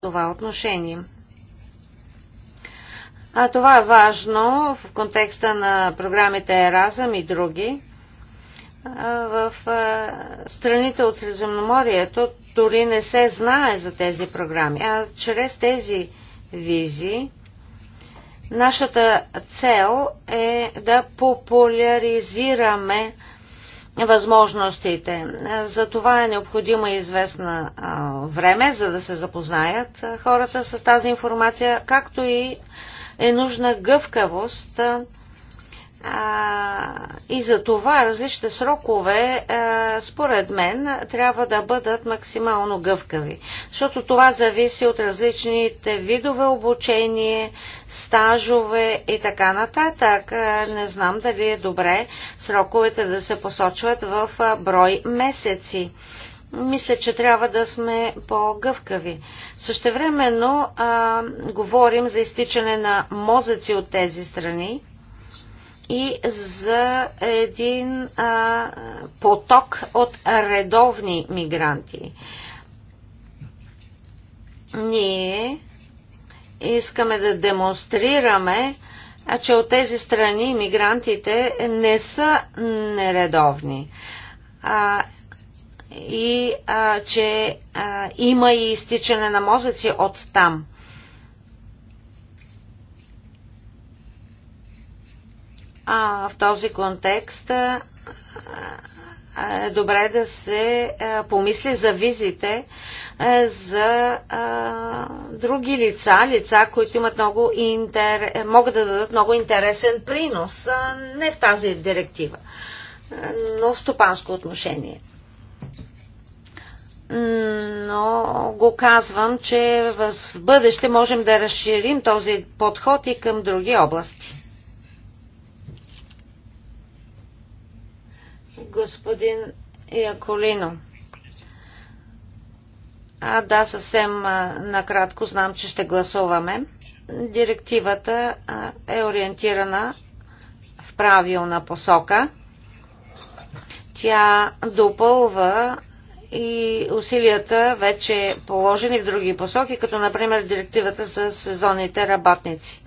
това отношение. А това е важно в контекста на програмите Еразъм и други. В страните от Средиземноморието дори не се знае за тези програми. А чрез тези визи нашата цел е да популяризираме възможностите. За това е необходимо известна време, за да се запознаят хората с тази информация, както и е нужна гъвкавост а, и за това различните срокове, а, е, според мен, трябва да бъдат максимално гъвкави. Защото това зависи от различните видове обучение, стажове и така нататък. А, е, не знам дали е добре сроковете да се посочват в е, брой месеци. Мисля, че трябва да сме по-гъвкави. Същевременно а, говорим за изтичане на мозъци от тези страни, и за един а, поток от редовни мигранти. Ние искаме да демонстрираме, а че от тези страни мигрантите не са нередовни а, и а, че а, има и изтичане на мозъци от там. А, в този контекст а, е добре да се а, помисли за визите а, за а, други лица, лица, които имат много интер... могат да дадат много интересен принос, а, не в тази директива, а, но в стопанско отношение но го казвам, че в бъдеще можем да разширим този подход и към други области. господин Яколино. А, да, съвсем накратко знам, че ще гласуваме. Директивата е ориентирана в правилна посока. Тя допълва и усилията вече положени в други посоки, като например директивата за сезонните работници.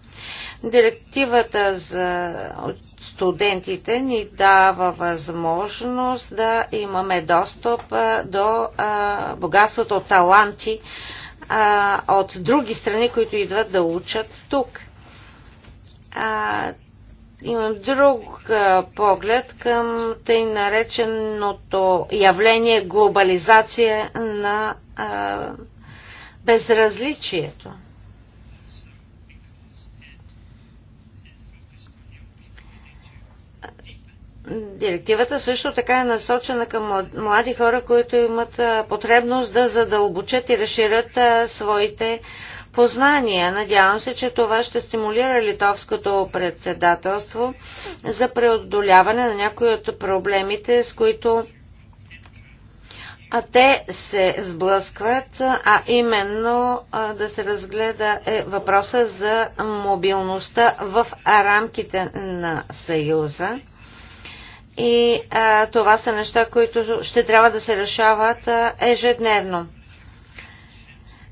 Директивата за студентите ни дава възможност да имаме достъп до богатството от таланти от други страни, които идват да учат тук. Имам друг поглед към тъй нареченото явление глобализация на безразличието. Директивата също така е насочена към млади хора, които имат потребност да задълбочат и разширят своите познания. Надявам се, че това ще стимулира литовското председателство за преодоляване на някои от проблемите, с които а те се сблъскват, а именно да се разгледа е въпроса за мобилността в рамките на Съюза и а, това са неща, които ще трябва да се решават а, ежедневно.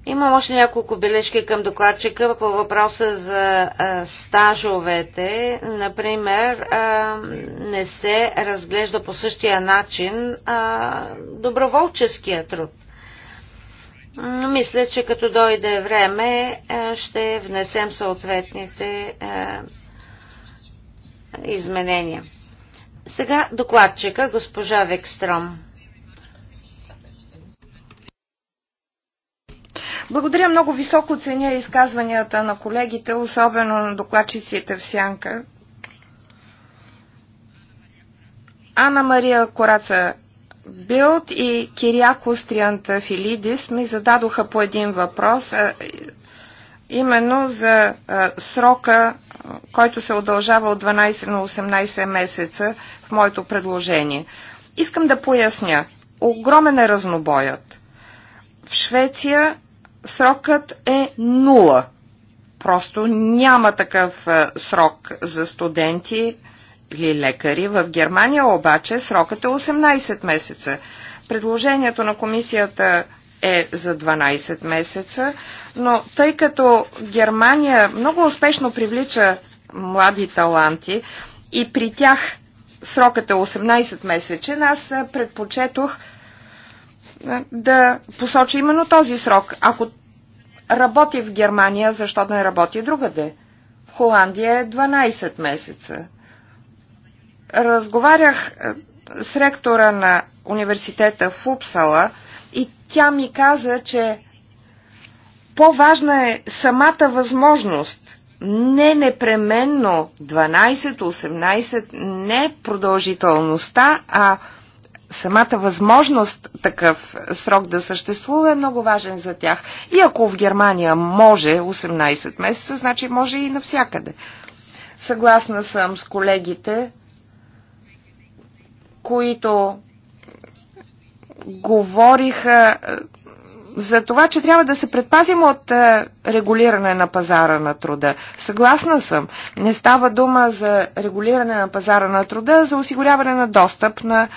Имам още няколко бележки към докладчика по въпроса за а, стажовете. Например, а, не се разглежда по същия начин а, доброволческия труд. Мисля, че като дойде време, ще внесем съответните изменения. Сега докладчика, госпожа Векстром. Благодаря много високо ценя изказванията на колегите, особено на докладчиците в Сянка. Ана Мария Кораца Билд и Кириако Стрианта Филидис ми зададоха по един въпрос, именно за срока който се удължава от 12 на 18 месеца в моето предложение. Искам да поясня. Огромен е разнобоят. В Швеция срокът е нула. Просто няма такъв е, срок за студенти или лекари. В Германия обаче срокът е 18 месеца. Предложението на комисията е за 12 месеца, но тъй като Германия много успешно привлича млади таланти и при тях срокът е 18 месечен, аз предпочетох да посоча именно този срок. Ако работи в Германия, защо да не работи другаде? В Холандия е 12 месеца. Разговарях с ректора на университета в Упсала – тя ми каза, че по-важна е самата възможност, не непременно 12-18, не продължителността, а самата възможност такъв срок да съществува е много важен за тях. И ако в Германия може 18 месеца, значи може и навсякъде. Съгласна съм с колегите, които говориха е, за това, че трябва да се предпазим от е, регулиране на пазара на труда. Съгласна съм. Не става дума за регулиране на пазара на труда, за осигуряване на достъп на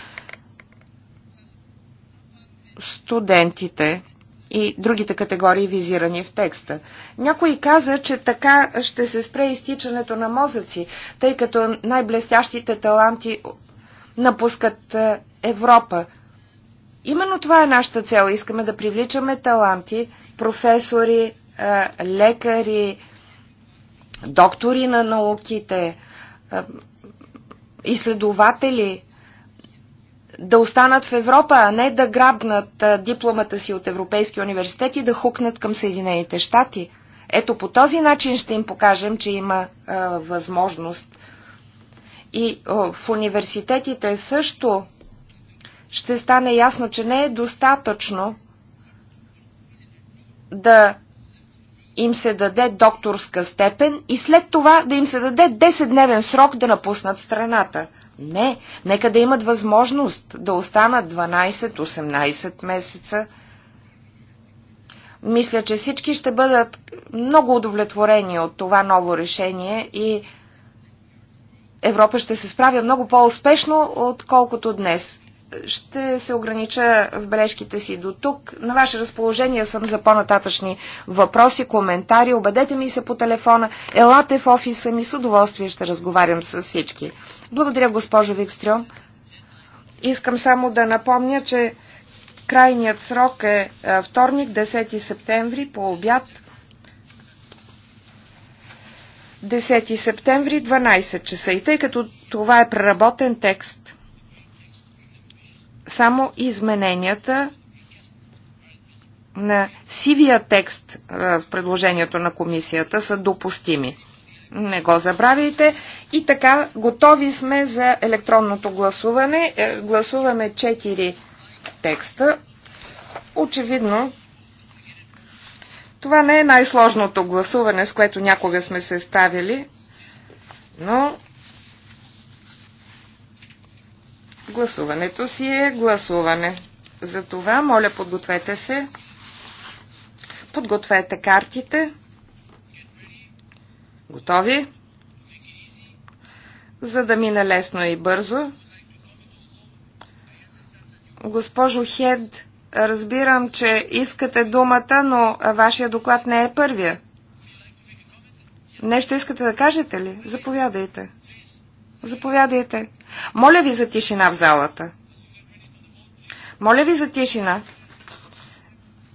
студентите и другите категории визирани в текста. Някой каза, че така ще се спре изтичането на мозъци, тъй като най-блестящите таланти напускат е, Европа. Именно това е нашата цел. Искаме да привличаме таланти, професори, е, лекари, доктори на науките, е, изследователи, да останат в Европа, а не да грабнат е, дипломата си от Европейски университет и да хукнат към Съединените щати. Ето по този начин ще им покажем, че има възможност. И в университетите също ще стане ясно, че не е достатъчно да им се даде докторска степен и след това да им се даде 10-дневен срок да напуснат страната. Не, нека да имат възможност да останат 12-18 месеца. Мисля, че всички ще бъдат много удовлетворени от това ново решение и Европа ще се справя много по-успешно, отколкото днес ще се огранича в бележките си до тук. На ваше разположение съм за по-нататъчни въпроси, коментари. Обадете ми се по телефона. Елате в офиса ми. С удоволствие ще разговарям с всички. Благодаря, госпожо Викстрюм. Искам само да напомня, че крайният срок е, е вторник, 10 септември, по обяд. 10 септември, 12 часа. И тъй като това е преработен текст, само измененията на сивия текст е, в предложението на комисията са допустими. Не го забравяйте. И така, готови сме за електронното гласуване. Е, гласуваме 4 текста. Очевидно, това не е най-сложното гласуване, с което някога сме се справили, но Гласуването си е гласуване. Затова, моля, подгответе се. Подгответе картите. Готови? За да мине лесно и бързо. Госпожо Хед, разбирам, че искате думата, но вашия доклад не е първия. Нещо искате да кажете ли? Заповядайте. Заповядайте. Моля ви за тишина в залата. Моля ви за тишина.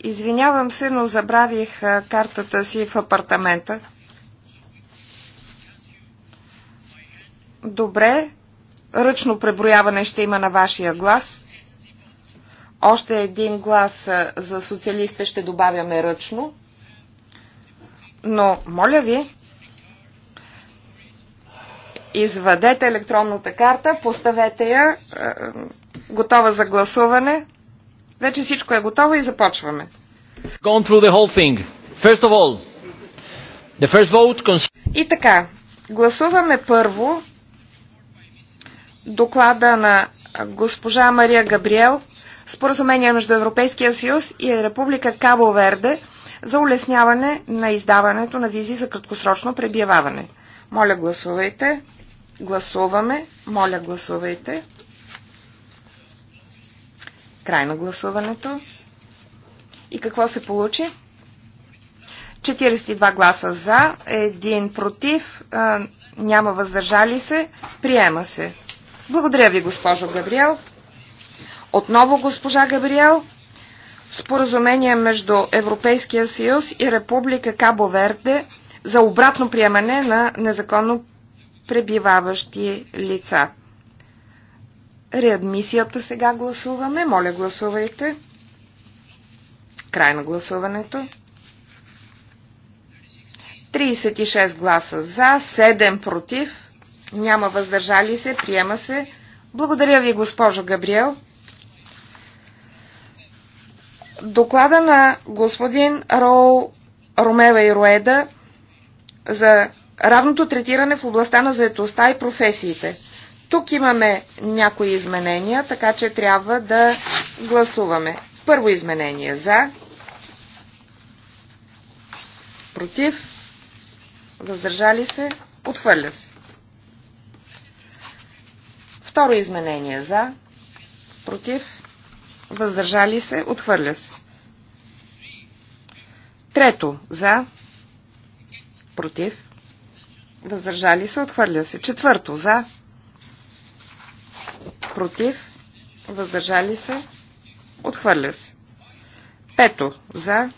Извинявам се, но забравих картата си в апартамента. Добре, ръчно преброяване ще има на вашия глас. Още един глас за социалиста ще добавяме ръчно. Но, моля ви, извадете електронната карта, поставете я, е, готова за гласуване. Вече всичко е готово и започваме. И така, гласуваме първо доклада на госпожа Мария Габриел, споразумение между Европейския съюз и Република Кабо Верде за улесняване на издаването на визи за краткосрочно пребиваване. Моля, гласувайте. Гласуваме. Моля, гласувайте. Край на гласуването. И какво се получи? 42 гласа за, 1 против, няма въздържали се, приема се. Благодаря ви, госпожо Габриел. Отново госпожа Габриел. Споразумение между Европейския съюз и Република Кабо Верде за обратно приемане на незаконно пребиваващи лица. Реадмисията сега гласуваме. Моля, гласувайте. Край на гласуването. 36 гласа за, 7 против, няма въздържали се, приема се. Благодаря ви, госпожо Габриел. Доклада на господин Роу Ромева и Руеда за равното третиране в областта на заетостта и професиите. Тук имаме някои изменения, така че трябва да гласуваме. Първо изменение за, против, въздържали се, отхвърля се. Второ изменение за, против, въздържали се, отхвърля се. Трето за, против, Въздържали се, отхвърля се. Четвърто, за. Против. Въздържали се, отхвърля се. Пето, за.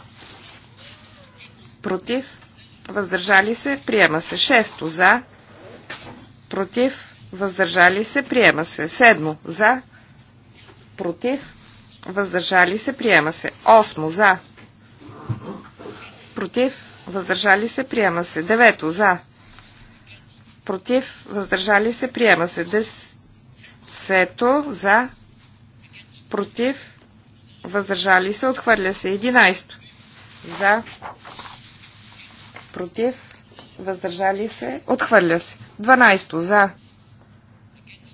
Против. Въздържали се, приема се. Шесто, за. Против. Въздържали се, приема се. Седмо, за. Против. Въздържали се, приема се. Осмо, за. Против. Въздържали се, приема се. Девето, за против, въздържали се, приема се. Десето за, против, въздържали се, отхвърля се. Единайсто за, против, въздържали се, отхвърля се. Дванайсто за,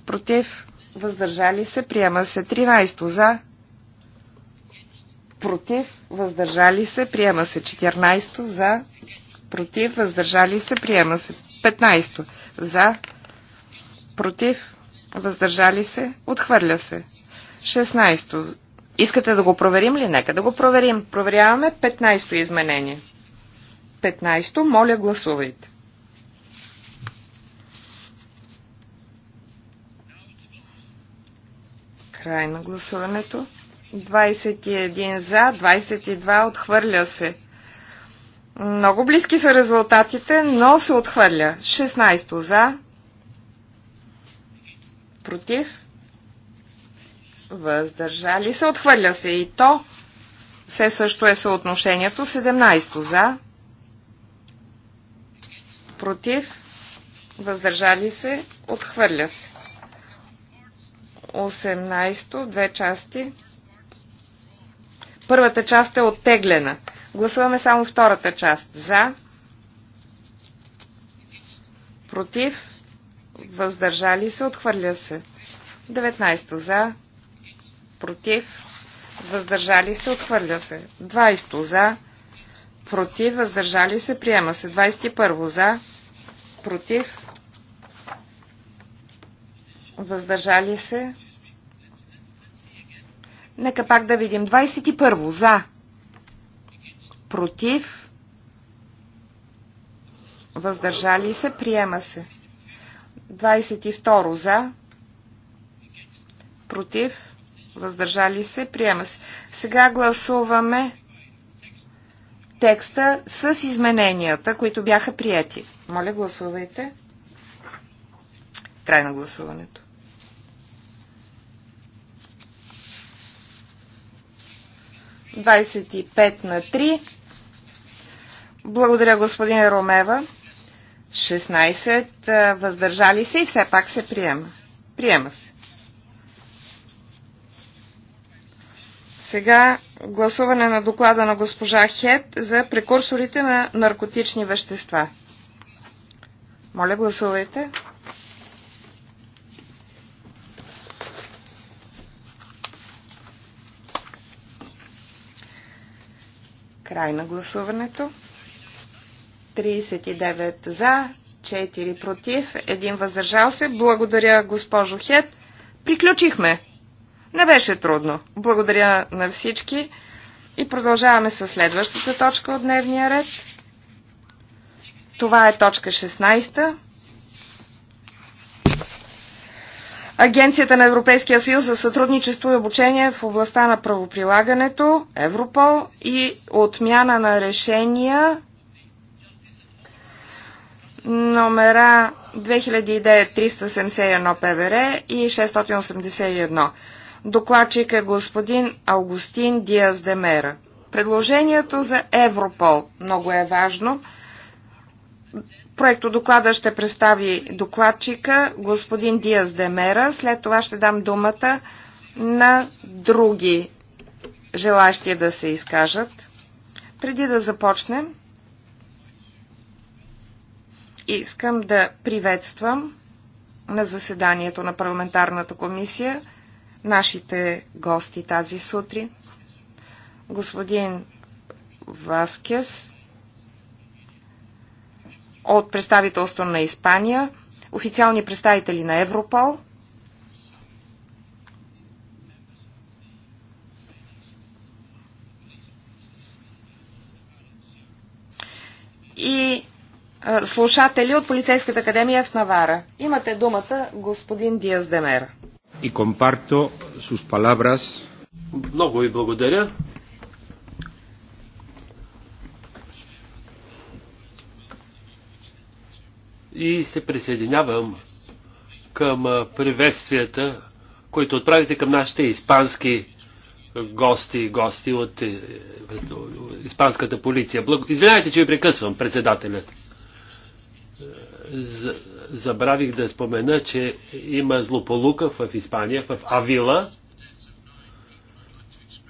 против, въздържали се, приема се. Тринайсто за, против, въздържали се, приема се. 14 за, против, въздържали се, приема се. 15. За, против, въздържали се, отхвърля се. 16. Искате да го проверим ли? Нека да го проверим. Проверяваме 15 изменение. 15-то, моля гласувайте. Край на гласуването. 21 за, 22 отхвърля се. Много близки са резултатите, но се отхвърля. 16 за, против, въздържали се, отхвърля се и то. Все също е съотношението 17 за, против, въздържали се, отхвърля се. 18, две части. Първата част е оттеглена. Гласуваме само втората част. За, против, въздържали се, отхвърля се. 19 за, против, въздържали се, отхвърля се. 20 за, против, въздържали се, приема се. 21 за, против, въздържали се. Нека пак да видим. 21 за, против, въздържали се, приема се. 22 за, против, въздържали се, приема се. Сега гласуваме текста с измененията, които бяха прияти. Моля, гласувайте. Край на гласуването. 25 на 3. Благодаря, господин Ромева. 16 въздържали се и все пак се приема. Приема се. Сега гласуване на доклада на госпожа Хет за прекурсорите на наркотични вещества. Моля, гласувайте. Край на гласуването. 39 за, 4 против, 1 въздържал се. Благодаря, госпожо Хет. Приключихме. Не беше трудно. Благодаря на всички. И продължаваме с следващата точка от дневния ред. Това е точка 16. Агенцията на Европейския съюз за сътрудничество и обучение в областта на правоприлагането, Европол и отмяна на решения номера 2009-371 ПВР и 681. Докладчик е господин Аугустин Диаз Демера. Предложението за Европол много е важно – Проекто доклада ще представи докладчика господин Диас Демера. След това ще дам думата на други желащи да се изкажат. Преди да започнем, искам да приветствам на заседанието на парламентарната комисия нашите гости тази сутрин. Господин Васкес, от представителство на Испания, официални представители на Европол, и слушатели от Полицейската академия в Навара. Имате думата, господин Диас Демера. И компарто с палабрас. Много ви благодаря. и се присъединявам към приветствията, които отправите към нашите испански гости, гости от е, испанската полиция. Благ... Извинявайте, че ви прекъсвам, председателят. Забравих да спомена, че има злополука в Испания, в Авила,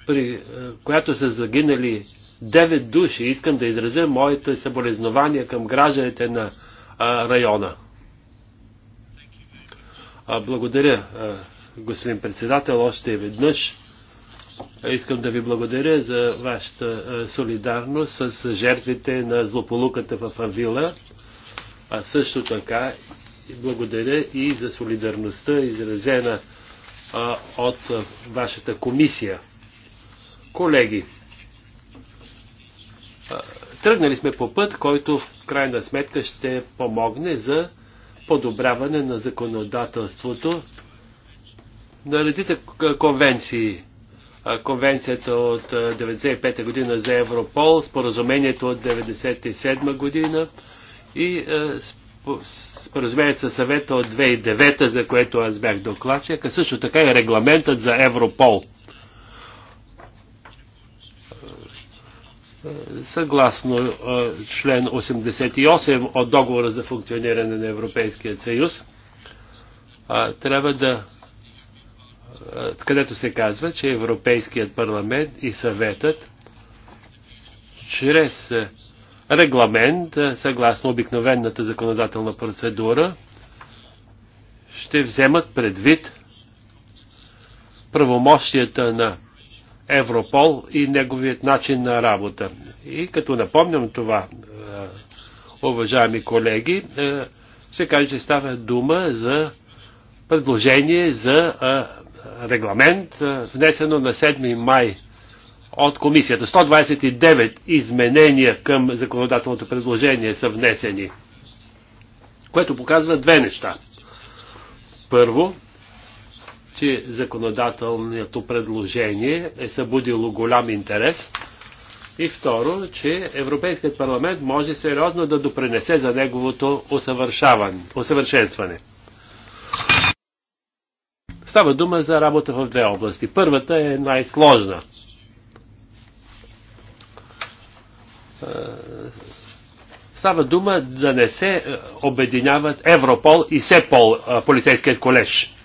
при е, която са загинали 9 души. Искам да изразя моите съболезнования към гражданите на района. Благодаря, господин председател, още веднъж. Искам да ви благодаря за вашата солидарност с жертвите на злополуката в Авила, а също така благодаря и за солидарността, изразена от вашата комисия. Колеги, тръгнали сме по път, който крайна сметка ще помогне за подобряване на законодателството на редица конвенции. Конвенцията от 1995 година за Европол, споразумението от 1997 година и споразумението със съвета от 2009, за което аз бях докладчик, а също така и регламентът за Европол. съгласно член 88 от договора за функциониране на Европейския съюз, трябва да където се казва, че Европейският парламент и съветът чрез регламент, съгласно обикновената законодателна процедура, ще вземат предвид правомощията на Европол и неговият начин на работа. И като напомням това, е, уважаеми колеги, е, се каже, че става дума за предложение за е, регламент, внесено на 7 май от комисията. 129 изменения към законодателното предложение са внесени, което показва две неща. Първо, че законодателното предложение е събудило голям интерес. И второ, че Европейският парламент може сериозно да допренесе за неговото усъвършенстване. Става дума за работа в две области. Първата е най-сложна. Става дума да не се е, обединяват Европол и СЕПОЛ, е, полицейският колеж.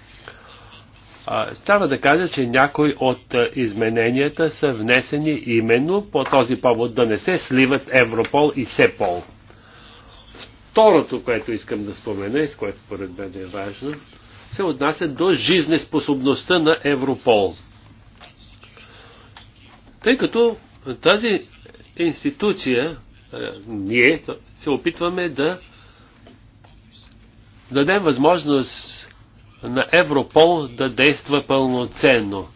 Трябва да кажа, че някои от измененията са внесени именно по този повод да не се сливат Европол и Сепол. Второто, което искам да спомена и с което поред мен е важно, се отнася до жизнеспособността на Европол. Тъй като тази институция, ние се опитваме да дадем възможност на Европол да действа пълноценно.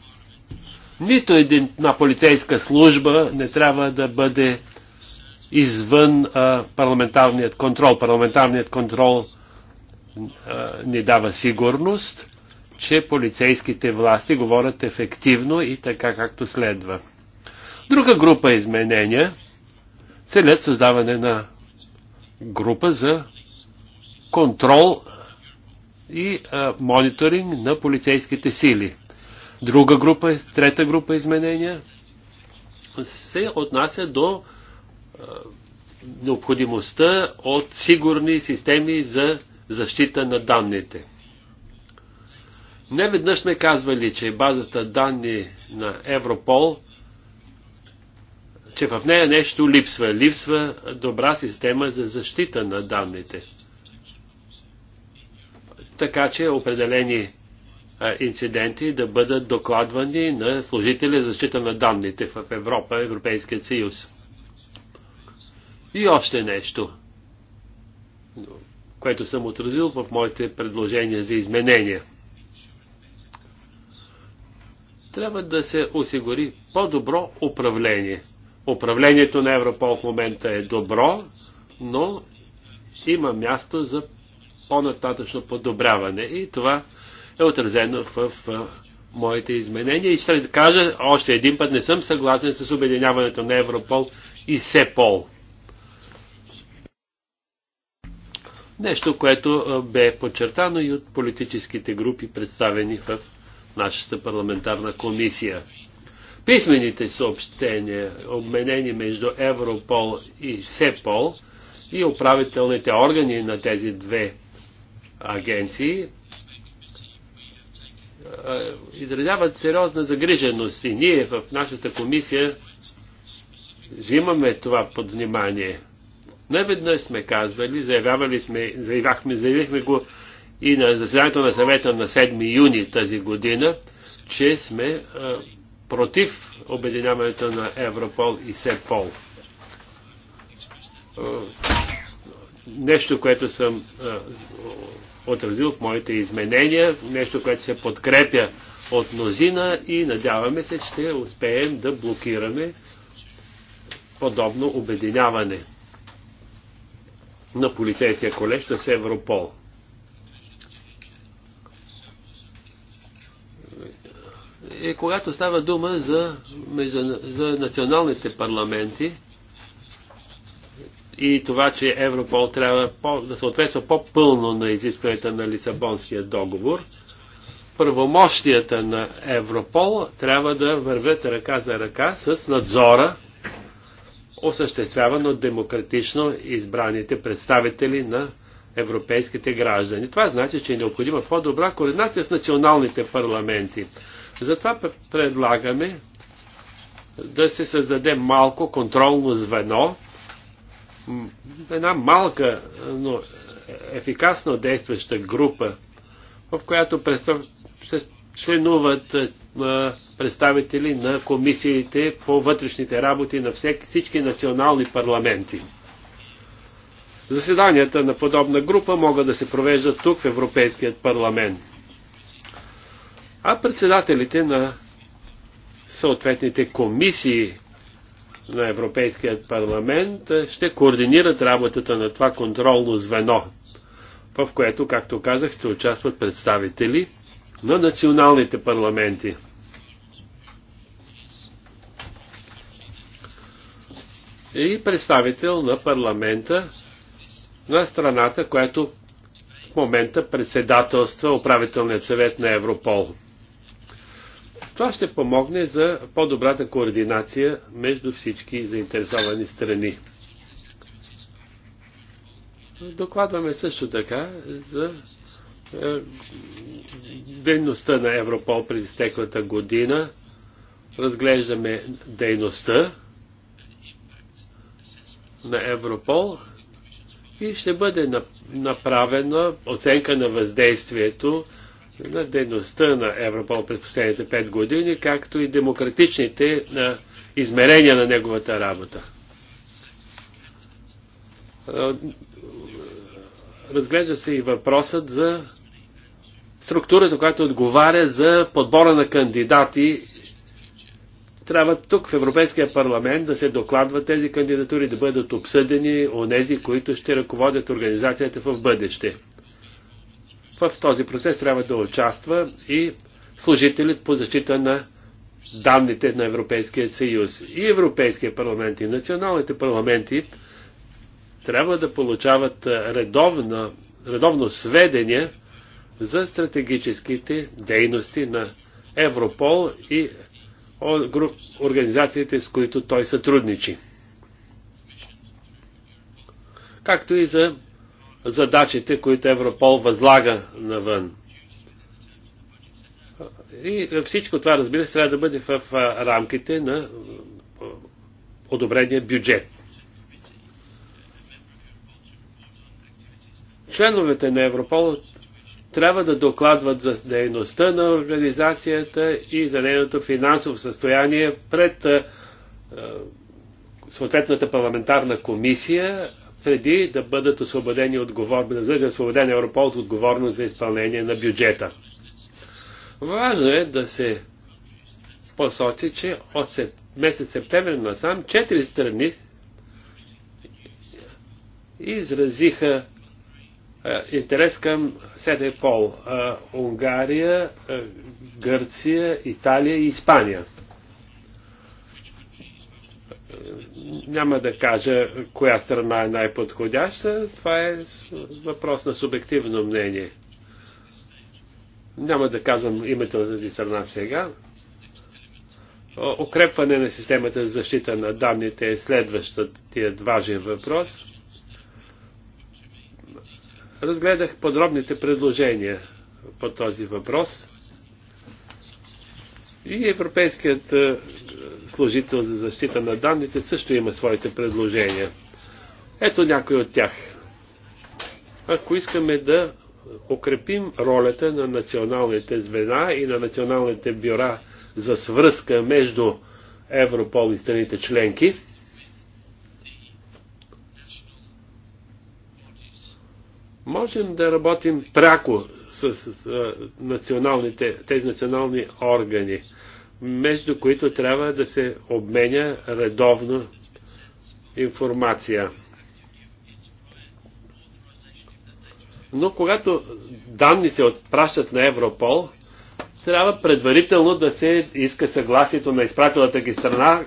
Нито на полицейска служба не трябва да бъде извън а, парламентарният контрол. Парламентарният контрол а, ни дава сигурност, че полицейските власти говорят ефективно и така както следва. Друга група изменения целят създаване на група за контрол и а, мониторинг на полицейските сили. Друга група, трета група изменения се отнася до а, необходимостта от сигурни системи за защита на данните. Не веднъж сме казвали, че базата данни на Европол, че в нея нещо липсва. Липсва добра система за защита на данните така че определени инциденти да бъдат докладвани на служители за защита на данните в Европа, Европейския съюз. И още нещо, което съм отразил в моите предложения за изменения. Трябва да се осигури по-добро управление. Управлението на Европол в момента е добро, но има място за по-нататъчно подобряване. И това е отразено в, в моите изменения. И ще кажа още един път, не съм съгласен с обединяването на Европол и СЕПОЛ. Нещо, което бе подчертано и от политическите групи, представени в нашата парламентарна комисия. Писмените съобщения, обменени между Европол и СЕПОЛ и управителните органи на тези две агенции изразяват сериозна загриженост и ние в нашата комисия взимаме това под внимание. Не веднъж сме казвали, заявявали сме, заявяхме, заявихме го и на заседанието на съвета на 7 юни тази година, че сме а, против обединяването на Европол и Сепол нещо, което съм е, отразил в моите изменения, нещо, което се подкрепя от мнозина и надяваме се, ще успеем да блокираме подобно обединяване на полицейския колеж с Европол. И когато става дума за, за националните парламенти, и това, че Европол трябва по, да съответства по-пълно на изискването на Лисабонския договор, правомощията на Европол трябва да вървят ръка за ръка с надзора, осъществяван от демократично избраните представители на европейските граждани. Това значи, че е необходима по-добра координация с националните парламенти. Затова предлагаме да се създаде малко контролно звено, една малка, но ефикасно действаща група, в която се членуват представители на комисиите по вътрешните работи на всички национални парламенти. Заседанията на подобна група могат да се провеждат тук в Европейският парламент. А председателите на съответните комисии на Европейският парламент е, ще координират работата на това контролно звено, в което, както казах, ще участват представители на националните парламенти. И представител на парламента на страната, която в момента председателства управителният съвет на Европол. Това ще помогне за по-добрата координация между всички заинтересовани страни. Докладваме също така за е, дейността на Европол през изтеклата година. Разглеждаме дейността на Европол и ще бъде направена оценка на въздействието на дейността на Европол през последните 5 години, както и демократичните измерения на неговата работа. Разглежда се и въпросът за структурата, която отговаря за подбора на кандидати. Трябва тук в Европейския парламент да се докладват тези кандидатури, да бъдат обсъдени от тези, които ще ръководят организацията в бъдеще. В този процес трябва да участва и служителят по защита на данните на Европейския съюз. И Европейския парламент, и националните парламенти трябва да получават редовно, редовно сведения за стратегическите дейности на Европол и организациите, с които той сътрудничи. Както и за задачите, които Европол възлага навън. И всичко това, разбира се, трябва да бъде в рамките на одобрения бюджет. Членовете на Европол трябва да докладват за дейността на организацията и за нейното финансово състояние пред съответната парламентарна комисия, преди да бъдат освободени отговорни, да Европол от отговорност за изпълнение на бюджета. Важно е да се посочи, че от месец септември насам четири страни изразиха интерес към Сетепол Унгария, Гърция, Италия и Испания. няма да кажа коя страна е най-подходяща. Това е въпрос на субективно мнение. Няма да казвам името на тази страна сега. Укрепване на системата за защита на данните е следващият важен въпрос. Разгледах подробните предложения по този въпрос. И Европейският е, служител за защита на данните също има своите предложения. Ето някои от тях. Ако искаме да укрепим ролята на националните звена и на националните бюра за свръзка между Европол и страните членки, можем да работим пряко с, с, с националните, тези национални органи, между които трябва да се обменя редовно информация. Но когато данни се отпращат на Европол, трябва предварително да се иска съгласието на изпратилата ги страна,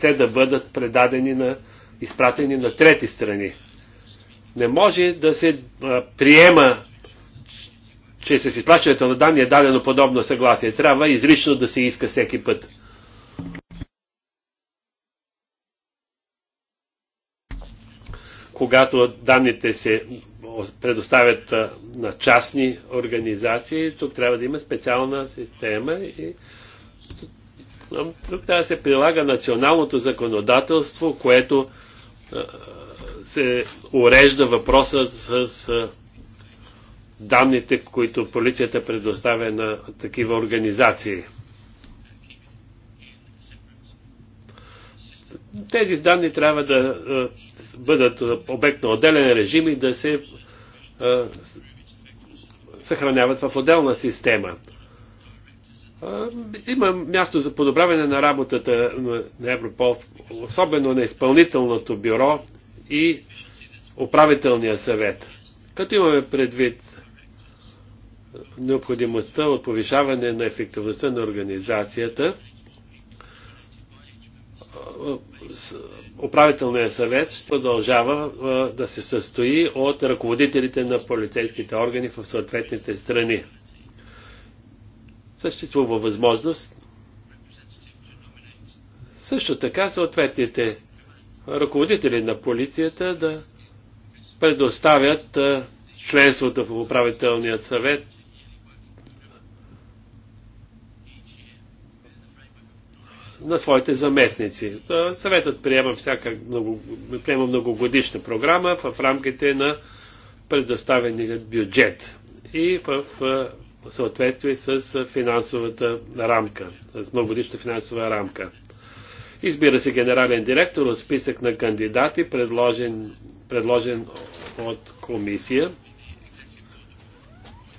те да бъдат предадени на, изпратени на трети страни. Не може да се а, приема че с изплащането на данни е дадено подобно съгласие. Трябва изрично да се иска всеки път. Когато данните се предоставят на частни организации, тук трябва да има специална система и тук трябва да се прилага националното законодателство, което се урежда въпросът с данните, които полицията предоставя на такива организации. Тези данни трябва да е, бъдат обект на отделен режим и да се е, съхраняват в отделна система. Е, има място за подобряване на работата на Европол, особено на изпълнителното бюро и управителния съвет. Като имаме предвид необходимостта от повишаване на ефективността на организацията. Управителният съвет ще продължава да се състои от ръководителите на полицейските органи в съответните страни. Съществува възможност също така съответните ръководители на полицията да предоставят членството в управителният съвет на своите заместници. Съветът приема, всяка много, приема многогодишна програма в рамките на предоставения бюджет и в съответствие с финансовата рамка, с многогодишна финансова рамка. Избира се генерален директор от списък на кандидати, предложен, предложен от комисия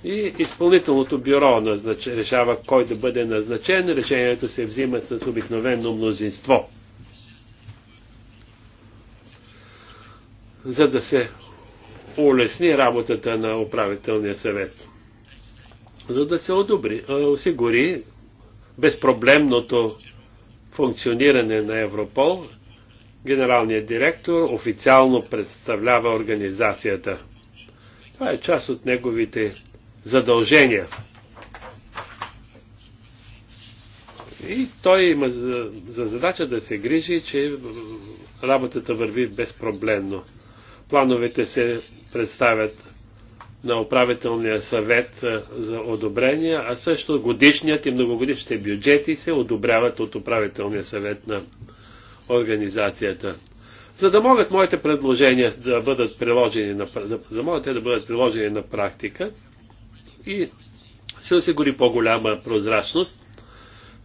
и изпълнителното бюро назнач... решава кой да бъде назначен. Решението се взима с обикновено мнозинство. За да се улесни работата на управителния съвет. За да се одобри, осигури безпроблемното функциониране на Европол, генералният директор официално представлява организацията. Това е част от неговите задължения. И той има за, задача да се грижи, че работата върви безпроблемно. Плановете се представят на управителния съвет за одобрение, а също годишният и многогодишните бюджети се одобряват от управителния съвет на организацията. За да могат моите предложения да бъдат приложени на, да, да могат те да бъдат приложени на практика, и се осигури по-голяма прозрачност.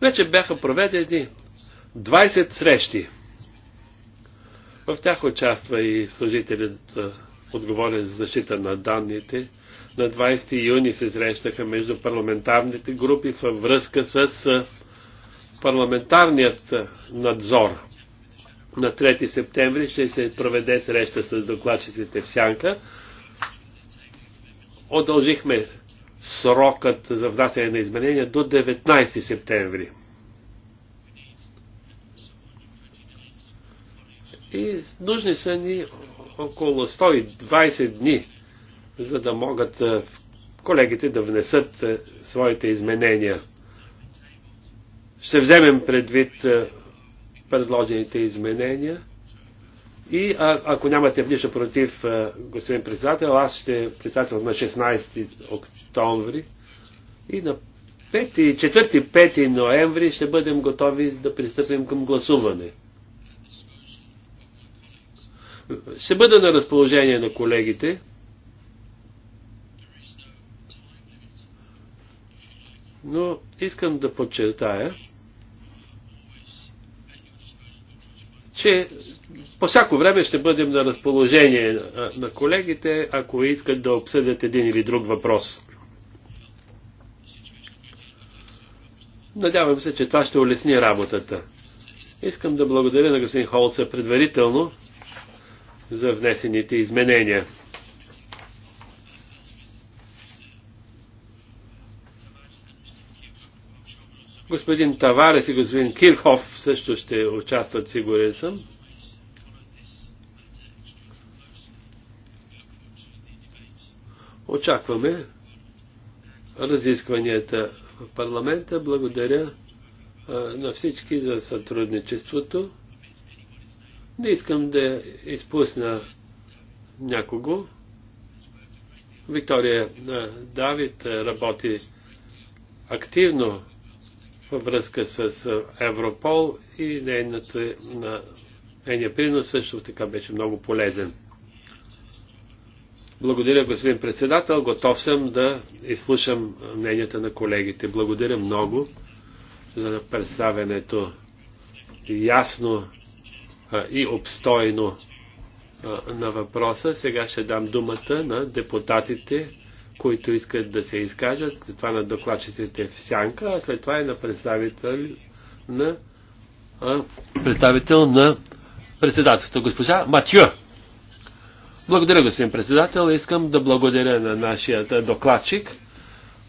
Вече бяха проведени 20 срещи. В тях участва и служителят отговорен за защита на данните. На 20 юни се срещаха между парламентарните групи във връзка с парламентарният надзор. На 3 септември ще се проведе среща с докладчиците в Сянка. Одължихме срокът за внасяне на изменения до 19 септември. И нужни са ни около 120 дни, за да могат е, колегите да внесат е, своите изменения. Ще вземем предвид е, предложените изменения и а, ако нямате нищо против, господин председател, аз ще председател на 16 октомври и на 4, 5 ноември ще бъдем готови да пристъпим към гласуване. Ще бъда на разположение на колегите. Но искам да подчертая, че по всяко време ще бъдем на разположение на колегите, ако искат да обсъдят един или друг въпрос. Надявам се, че това ще улесни работата. Искам да благодаря на господин Холца предварително за внесените изменения. Господин Таварес и господин Кирхов също ще участват, сигурен съм. Очакваме разискванията в парламента. Благодаря на всички за сътрудничеството. Не искам да изпусна някого. Виктория Давид работи активно във връзка с Европол и нейната, нейният принос също така беше много полезен. Благодаря, господин председател. Готов съм да изслушам мненията на колегите. Благодаря много за представенето ясно и обстойно на въпроса. Сега ще дам думата на депутатите, които искат да се изкажат, след това на докладчиците в сянка, а след това и на представител на, представител на председателството, госпожа Матю. Благодаря, господин председател. Искам да благодаря на нашия докладчик,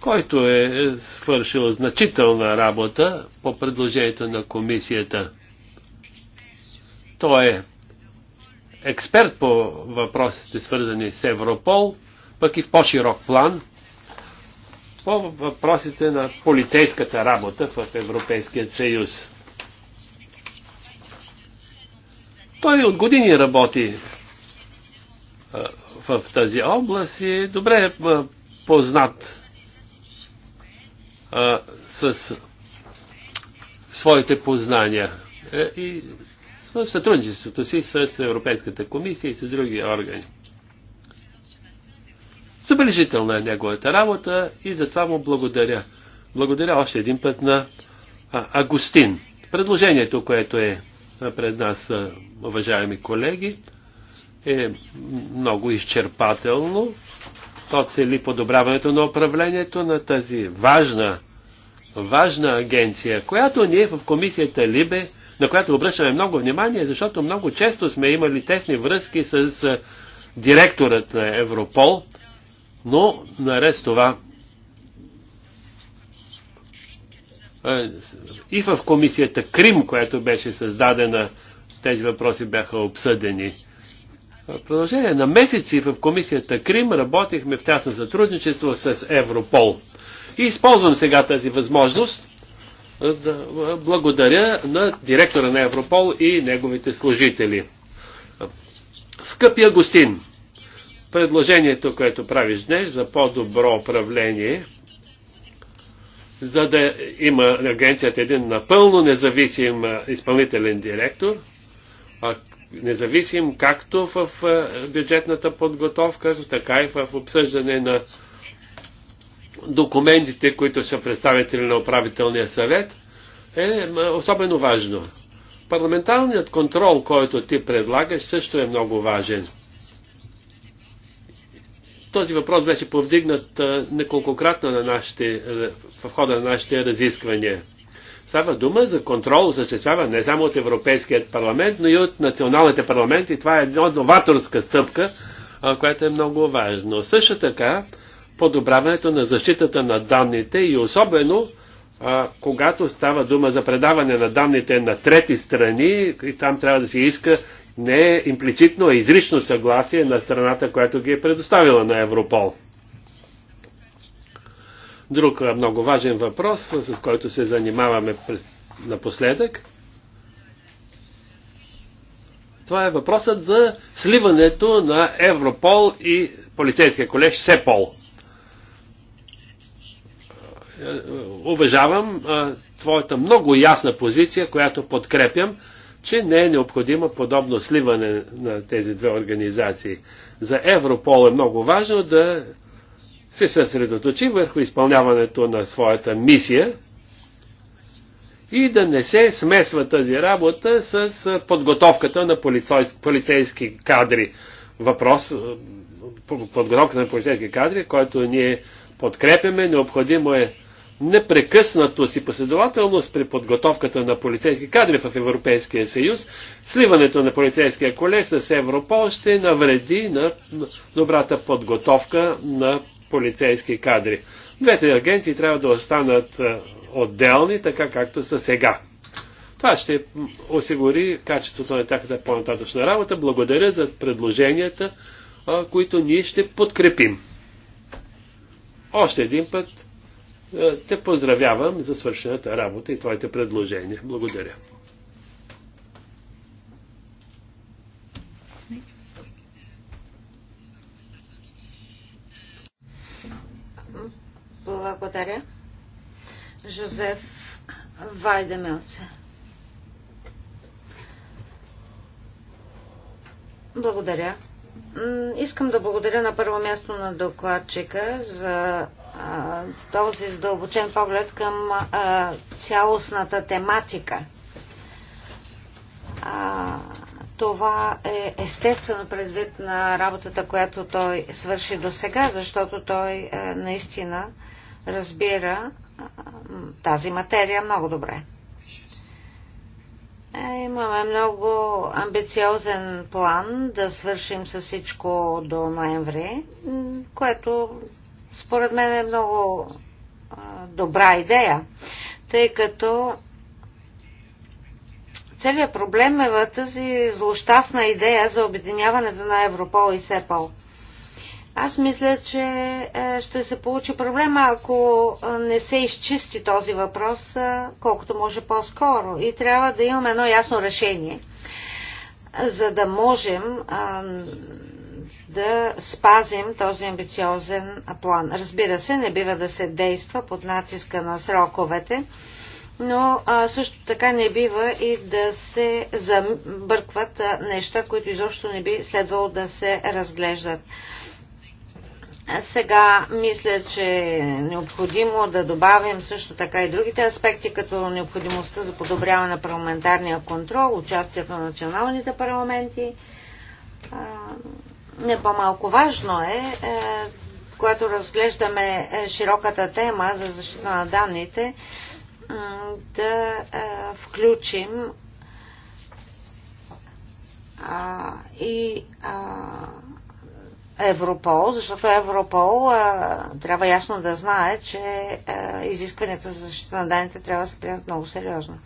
който е свършил значителна работа по предложението на комисията. Той е експерт по въпросите свързани с Европол, пък и в по-широк план по въпросите на полицейската работа в Европейския съюз. Той от години работи в тази област и е добре е познат с своите познания е, и в сътрудничеството си с Европейската комисия и с други органи. Забележителна е неговата работа и затова му благодаря. Благодаря още един път на Агустин. Предложението, което е пред нас, уважаеми колеги, е много изчерпателно. То цели подобряването на управлението на тази важна, важна агенция, която ние в комисията Либе, на която обръщаме много внимание, защото много често сме имали тесни връзки с директорът на Европол, но наред с това и в комисията Крим, която беше създадена, тези въпроси бяха обсъдени. В продължение на месеци в комисията Крим работихме в тясно сътрудничество с Европол. И използвам сега тази възможност да благодаря на директора на Европол и неговите служители. Скъпи Агустин, предложението, което правиш днес за по-добро управление, за да има агенцията един напълно независим изпълнителен директор, независим както в бюджетната подготовка, така и в обсъждане на документите, които са представители на управителния съвет, е особено важно. Парламентарният контрол, който ти предлагаш, също е много важен. Този въпрос беше повдигнат неколкократно на нашите, в хода на нашите разисквания. Става дума за контрол, осъществяван не само от Европейският парламент, но и от националните парламенти. Това е една новаторска стъпка, която е много важно. Също така, подобраването на защитата на данните и особено когато става дума за предаване на данните на трети страни и там трябва да се иска не имплицитно, а изрично съгласие на страната, която ги е предоставила на Европол. Друг много важен въпрос, с който се занимаваме напоследък, това е въпросът за сливането на Европол и полицейския колеж СЕПОЛ. Е, е, уважавам е, твоята много ясна позиция, която подкрепям, че не е необходимо подобно сливане на тези две организации. За Европол е много важно да се съсредоточи върху изпълняването на своята мисия и да не се смесва тази работа с подготовката на полицейски кадри. Въпрос, е, подготовка на полицейски кадри, който ние подкрепяме, необходимо е непрекъснато си последователност при подготовката на полицейски кадри в Европейския съюз, сливането на полицейския колеж с Европол ще навреди на добрата подготовка на полицейски кадри. Двете агенции трябва да останат е, отделни, така както са сега. Това ще осигури качеството на тяхната по-нататъчна работа. Благодаря за предложенията, е, които ние ще подкрепим. Още един път е, те поздравявам за свършената работа и твоите предложения. Благодаря. Благодаря. Жозеф Вайдемелце. Благодаря. Искам да благодаря на първо място на докладчика за а, този задълбочен поглед към а, цялостната тематика. А, това е естествено предвид на работата, която той свърши до сега, защото той е, наистина разбира тази материя много добре. Е, имаме много амбициозен план да свършим с всичко до ноември, което според мен е много добра идея, тъй като Целият проблем е в тази злощастна идея за обединяването на Европол и СЕПОЛ. Аз мисля, че е, ще се получи проблема, ако е, не се изчисти този въпрос е, колкото може по-скоро. И трябва да имаме едно ясно решение, за да можем да спазим този амбициозен план. Разбира се, не бива да се действа под натиска на сроковете но а, също така не бива и да се забъркват а, неща, които изобщо не би следвало да се разглеждат. Сега мисля, че е необходимо да добавим също така и другите аспекти, като необходимостта за подобряване на парламентарния контрол, участието на националните парламенти. Не по-малко важно е, е когато разглеждаме е, широката тема за защита на данните, да включим и Европол, защото Европол а, трябва ясно да знае, че а, изискванията за защита на данните трябва да се приемат много сериозно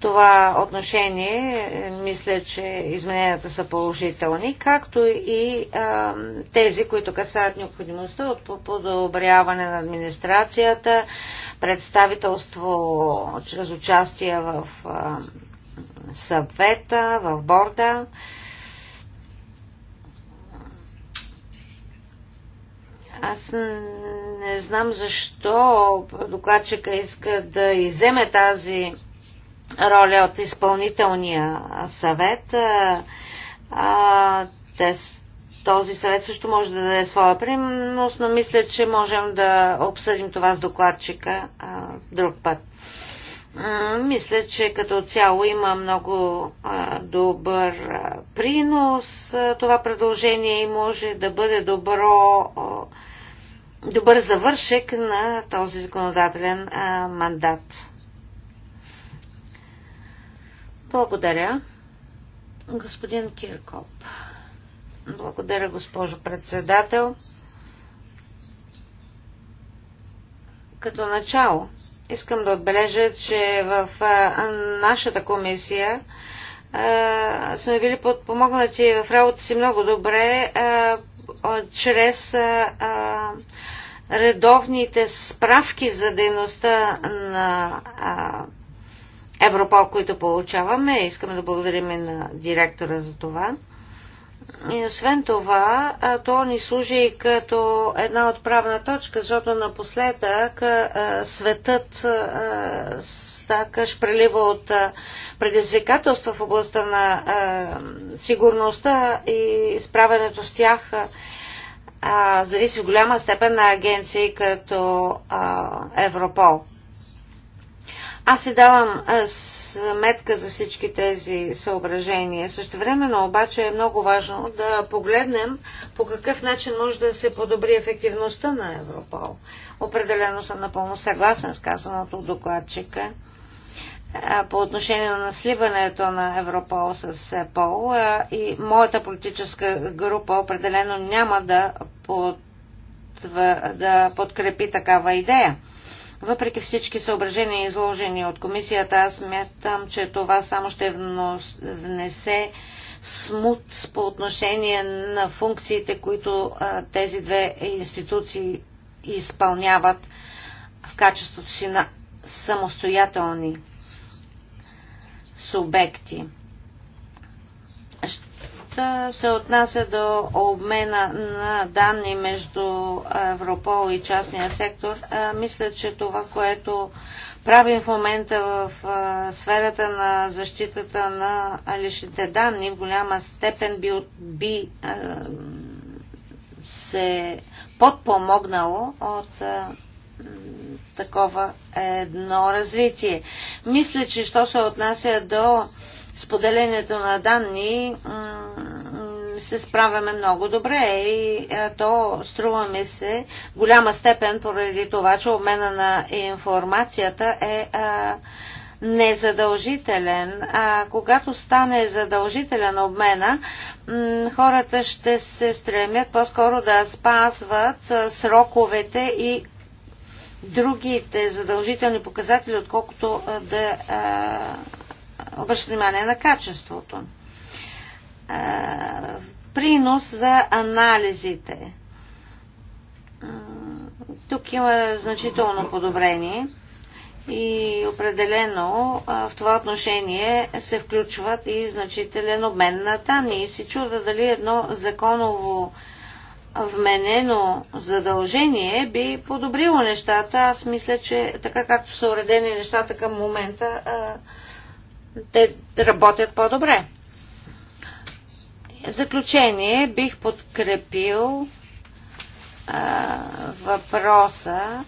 това отношение е, мисля, че измененията са положителни, както и а, тези, които касаят необходимостта от подобряване на администрацията, представителство чрез участие в а, съвета, в борда. Аз не знам защо докладчика иска да иземе тази роля от изпълнителния съвет. А, те, този съвет също може да даде своя принос, но мисля, че можем да обсъдим това с докладчика а, друг път. А, мисля, че като цяло има много а, добър а, принос а, това предложение и може да бъде добро, а, добър завършек на този законодателен а, мандат. Благодаря. Господин Киркоп. Благодаря, госпожо председател. Като начало искам да отбележа, че в нашата комисия сме били подпомогнати в работа си много добре чрез редовните справки за дейността на Европол, които получаваме. Искаме да благодарим на директора за това. И освен това, то ни служи и като една отправна точка, защото напоследък светът сякаш прелива от предизвикателства в областта на сигурността и справянето с тях зависи в голяма степен на агенции като Европол. Аз си давам сметка за всички тези съображения. Също времено обаче е много важно да погледнем по какъв начин може да се подобри ефективността на Европол. Определено съм напълно съгласен с казаното от докладчика по отношение на сливането на Европол с Пол и моята политическа група определено няма да, под... да подкрепи такава идея. Въпреки всички съображения, изложени от комисията, аз смятам, че това само ще внесе смут по отношение на функциите, които тези две институции изпълняват в качеството си на самостоятелни субекти се отнася до обмена на данни между Европол и частния сектор, мисля, че това, което правим в момента в сферата на защитата на личните данни, в голяма степен би, би се подпомогнало от такова едно развитие. Мисля, че що се отнася до споделението на данни, се справяме много добре и е, то струва ми се голяма степен поради това, че обмена на информацията е, е незадължителен. А когато стане задължителен обмена, хората ще се стремят по-скоро да спазват е, сроковете и другите задължителни показатели, отколкото да обръщат внимание на качеството. Е, принос за анализите. Тук има значително подобрение и определено е, в това отношение се включват и значителен обмен на данни. И се чуда дали едно законово вменено задължение би подобрило нещата. Аз мисля, че така както са уредени нещата към момента, е, те работят по-добре заключение бих подкрепил а, въпроса а,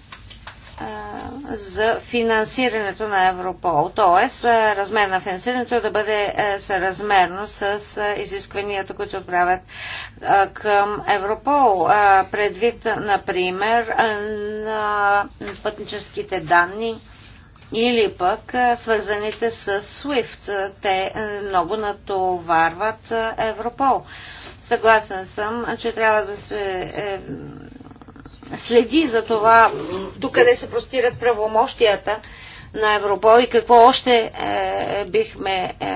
за финансирането на Европол. Тоест, размер на финансирането да бъде съразмерно с изискванията, които правят а, към Европол. А, предвид, например, на пътническите данни, или пък свързаните с SWIFT. Те много натоварват Европол. Съгласен съм, че трябва да се е, следи за това докъде се простират правомощията на Европол и какво още е, бихме, е,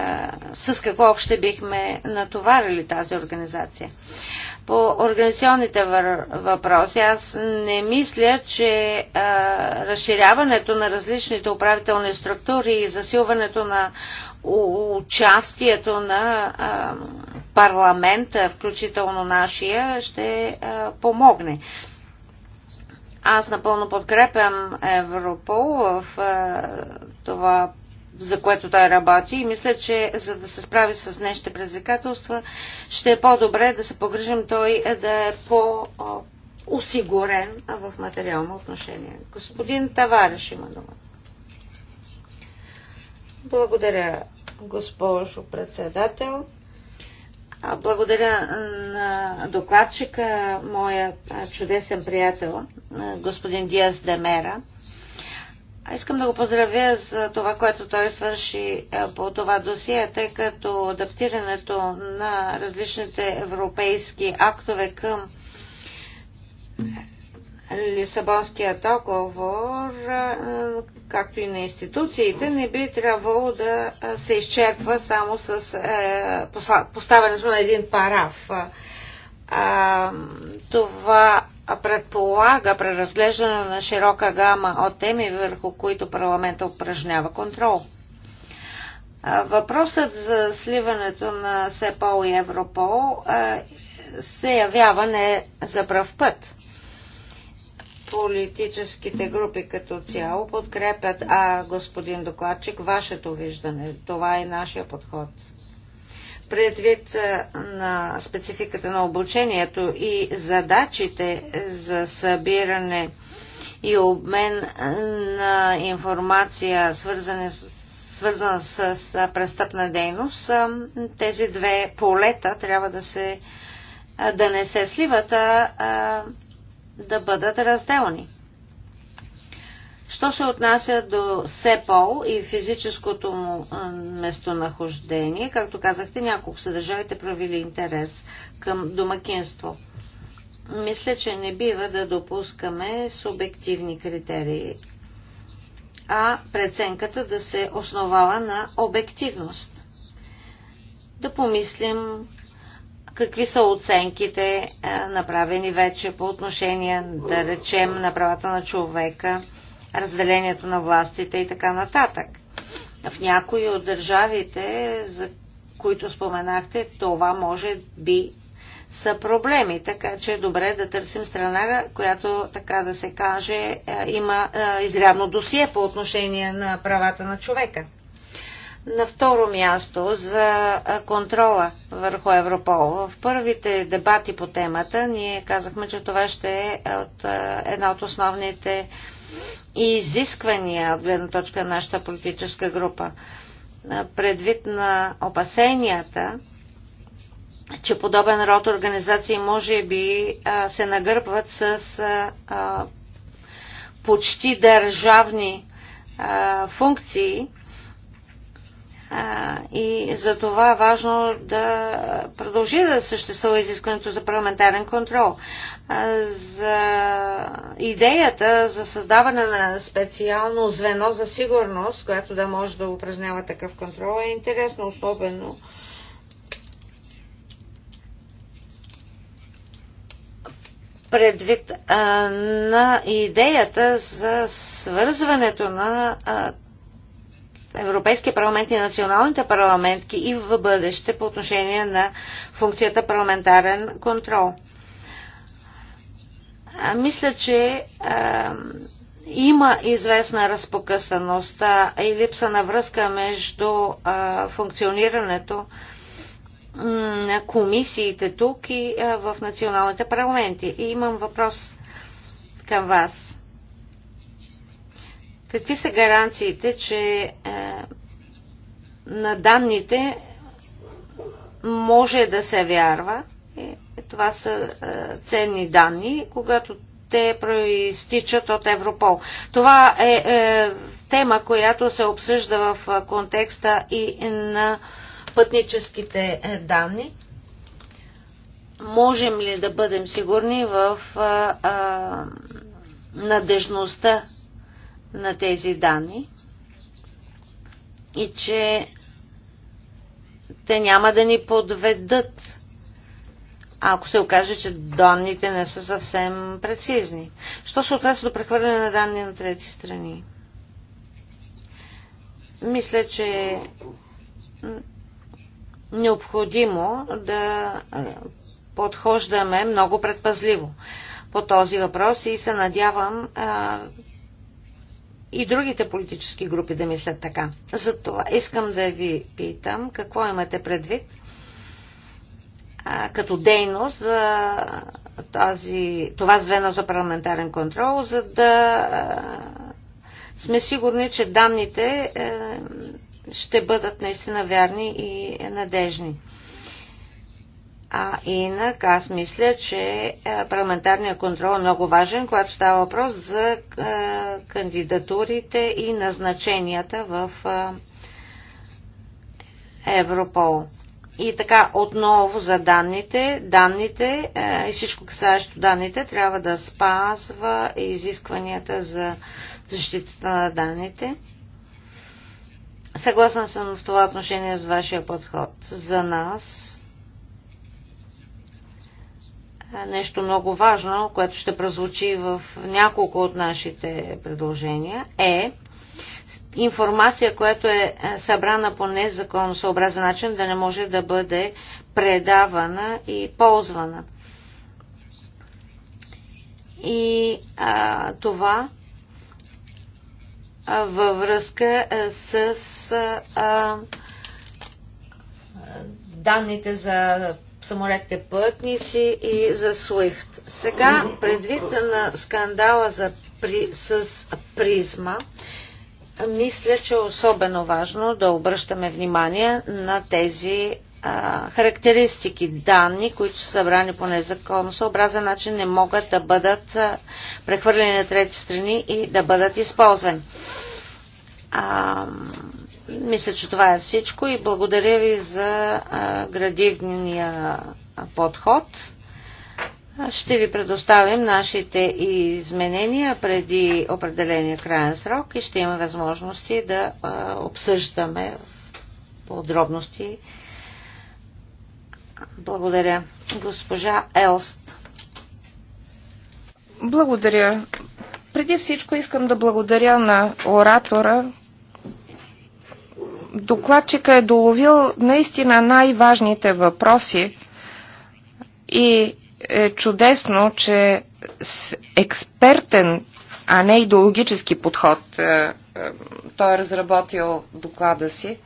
с какво още бихме натоварили тази организация. По организационните въпроси аз не мисля, че а, разширяването на различните управителни структури и засилването на участието на а, парламента, включително нашия, ще а, помогне. Аз напълно подкрепям Европол в това за което той работи. И мисля, че за да се справи с днешните предизвикателства, ще е по-добре да се погрижим той да е по-осигурен в материално отношение. Господин Тавареш има дума. Благодаря, госпожо председател. Благодаря на докладчика, моя чудесен приятел, господин Диас Демера. Искам да го поздравя за това, което той свърши е, по това досие, тъй като адаптирането на различните европейски актове към Лисабонския договор, е, както и на институциите, не би трябвало да се изчерпва само с е, поставянето на един параф. Това предполага преразглеждане на широка гама от теми, върху които парламента упражнява контрол. Въпросът за сливането на СЕПОЛ и Европол се явява не за пръв път. Политическите групи като цяло подкрепят, а господин докладчик, вашето виждане. Това е нашия подход. Предвид на спецификата на обучението и задачите за събиране и обмен на информация, свързана с, свързана с престъпна дейност, тези две полета трябва да, се, да не се сливат, а да бъдат разделни. Що се отнася до СЕПОЛ и физическото му местонахождение, както казахте, няколко са държавите правили интерес към домакинство. Мисля, че не бива да допускаме субективни критерии, а преценката да се основава на обективност. Да помислим какви са оценките направени вече по отношение, да речем, на правата на човека – разделението на властите и така нататък. В някои от държавите, за които споменахте, това може би са проблеми, така че е добре да търсим страна, която, така да се каже, е, има е, изрядно досие по отношение на правата на човека. На второ място за е, контрола върху Европол. В първите дебати по темата ние казахме, че това ще е от, една от основните и изисквания от гледна точка на нашата политическа група. Предвид на опасенията, че подобен род организации може би се нагърбват с почти държавни функции, и за това е важно да продължи да съществува изискването за парламентарен контрол. За идеята за създаване на специално звено за сигурност, което да може да упражнява такъв контрол, е интересно, особено предвид а, на идеята за свързването на а, Европейския парламент и националните парламентки и в бъдеще по отношение на функцията парламентарен контрол. мисля, че има известна разпокъсаност и липса на връзка между функционирането на комисиите тук и в националните парламенти. И имам въпрос към вас. Какви са гаранциите, че е, на данните може да се вярва? Е, това са е, ценни данни, когато те проистичат от Европол. Това е, е тема, която се обсъжда в е, контекста и на пътническите е, данни. Можем ли да бъдем сигурни в а, е, а, надежността на тези данни и че те няма да ни подведат, ако се окаже, че данните не са съвсем прецизни. Що се отнася до прехвърляне на данни на трети страни? Мисля, че е необходимо да подхождаме много предпазливо по този въпрос и се надявам и другите политически групи да мислят така. Затова искам да ви питам какво имате предвид а, като дейност за тази, това звено за парламентарен контрол, за да а, сме сигурни, че данните а, е, ще бъдат наистина вярни и надежни. А инак аз мисля, че е, парламентарният контрол е много важен, когато става въпрос за е, кандидатурите и назначенията в е, Европол. И така, отново за данните, данните и всичко касаещо данните трябва да спазва изискванията за защитата на данните. Съгласен съм в това отношение с вашия подход. За нас нещо много важно, което ще прозвучи в няколко от нашите предложения, е информация, която е, е събрана по незаконосъобразен начин, да не може да бъде предавана и ползвана. И а, това а, във връзка е, с а, данните за самолетите пътници и за SWIFT. Сега, предвид на скандала за, при, с призма, мисля, че е особено важно да обръщаме внимание на тези а, характеристики, данни, които са събрани по незаконосъобразен начин, не могат да бъдат прехвърлени на трети страни и да бъдат използвани. А, мисля, че това е всичко и благодаря ви за градивния подход. Ще ви предоставим нашите изменения преди определения крайен срок и ще имаме възможности да обсъждаме подробности. Благодаря. Госпожа Елст. Благодаря. Преди всичко искам да благодаря на оратора, докладчика е доловил наистина най-важните въпроси и е чудесно, че с експертен, а не идеологически подход е, е, той е разработил доклада си.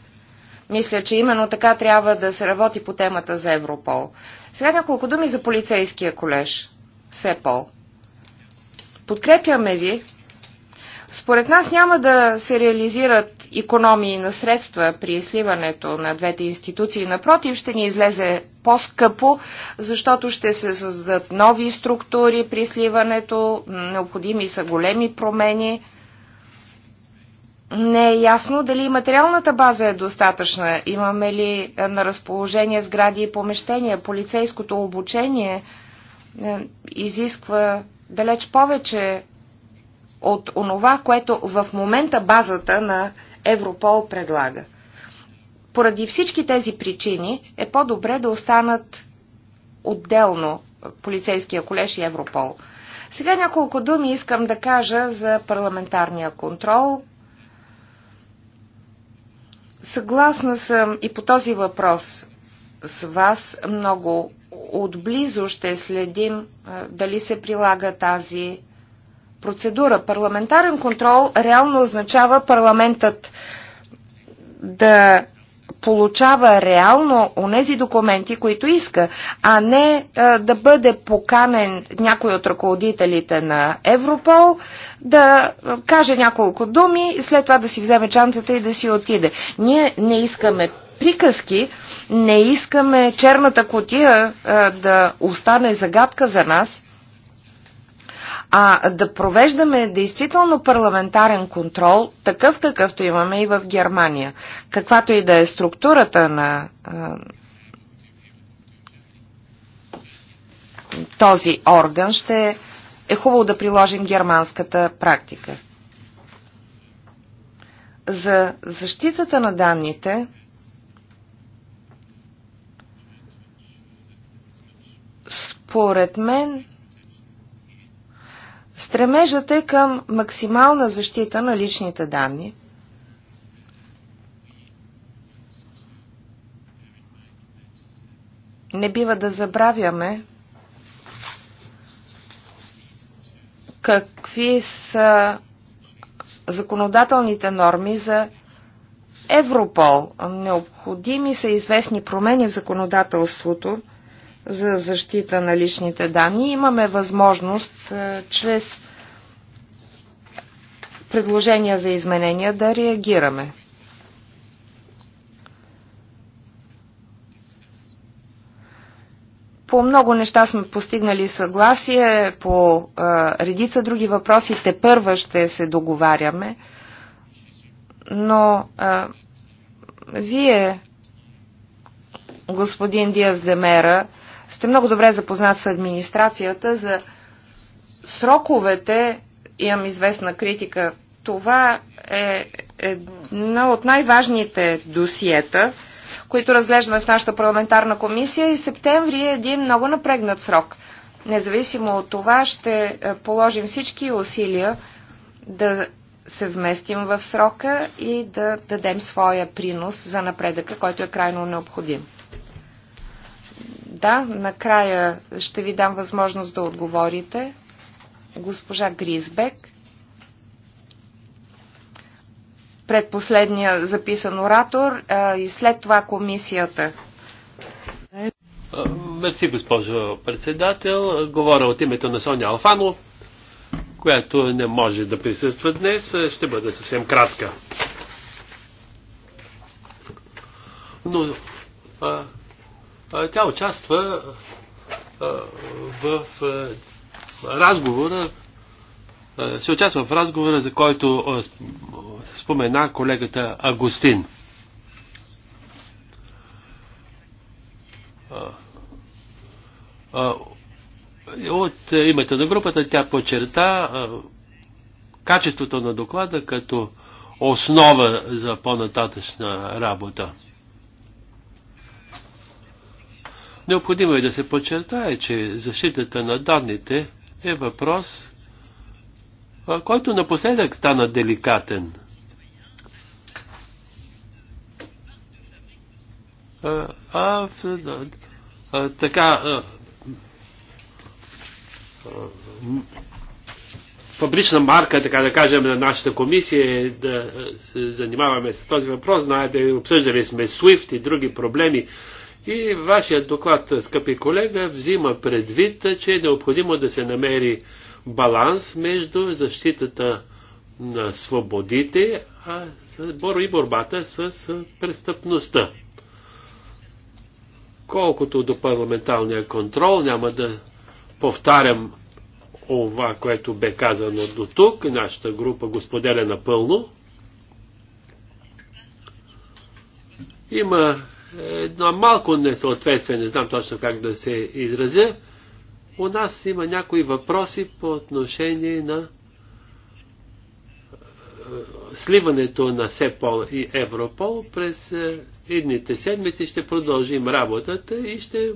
Мисля, че именно така трябва да се работи по темата за Европол. Сега няколко думи за полицейския колеж. Сепол. Подкрепяме ви според нас няма да се реализират економии на средства при сливането на двете институции. Напротив, ще ни излезе по-скъпо, защото ще се създадат нови структури при сливането, необходими са големи промени. Не е ясно дали материалната база е достатъчна. Имаме ли на разположение сгради и помещения? Полицейското обучение е, изисква далеч повече от онова, което в момента базата на Европол предлага. Поради всички тези причини е по-добре да останат отделно полицейския колеж и Европол. Сега няколко думи искам да кажа за парламентарния контрол. Съгласна съм и по този въпрос с вас много отблизо ще следим дали се прилага тази процедура. Парламентарен контрол реално означава парламентът да получава реално онези документи, които иска, а не а, да бъде поканен някой от ръководителите на Европол да каже няколко думи, след това да си вземе чантата и да си отиде. Ние не искаме приказки, не искаме черната котия а, да остане загадка за нас – а да провеждаме действително парламентарен контрол, такъв какъвто имаме и в Германия. Каквато и да е структурата на а, този орган, ще е хубаво да приложим германската практика. За защитата на данните, според мен, Стремежът е към максимална защита на личните данни. Не бива да забравяме какви са законодателните норми за Европол. Необходими са известни промени в законодателството за защита на личните данни. Имаме възможност е, чрез предложения за изменения да реагираме. По много неща сме постигнали съгласие, по а, е, редица други въпроси те първа ще се договаряме, но а, е, вие, господин Диаз Демера, сте много добре запознат с администрацията за сроковете. Имам известна критика. Това е едно от най-важните досиета, които разглеждаме в нашата парламентарна комисия и септември е един много напрегнат срок. Независимо от това ще е, положим всички усилия да се вместим в срока и да дадем своя принос за напредъка, който е крайно необходим. Да, накрая ще ви дам възможност да отговорите. Госпожа Гризбек. Предпоследния записан оратор и след това комисията. Мерси, госпожо председател. Говоря от името на Соня Алфано, която не може да присъства днес. Ще бъда съвсем кратка. Но а, тя участва в разговора, се участва в разговора, за който спомена колегата Агустин. От името на групата тя подчерта качеството на доклада като основа за по-нататъчна работа. Необходимо е да се подчертае, че защитата на данните е въпрос, който напоследък стана деликатен. А, а, а така, а, фабрична марка, така да кажем, на нашата комисия е да се занимаваме с този въпрос. Знаете, обсъждали сме SWIFT и други проблеми, и вашият доклад, скъпи колега, взима предвид, че е необходимо да се намери баланс между защитата на свободите а и борбата с престъпността. Колкото до парламенталния контрол, няма да повтарям това, което бе казано до тук. Нашата група го споделя напълно. Има едно малко несъответствие, не знам точно как да се изразя. У нас има някои въпроси по отношение на е, сливането на СЕПОЛ и Европол през е, едните седмици ще продължим работата и ще е,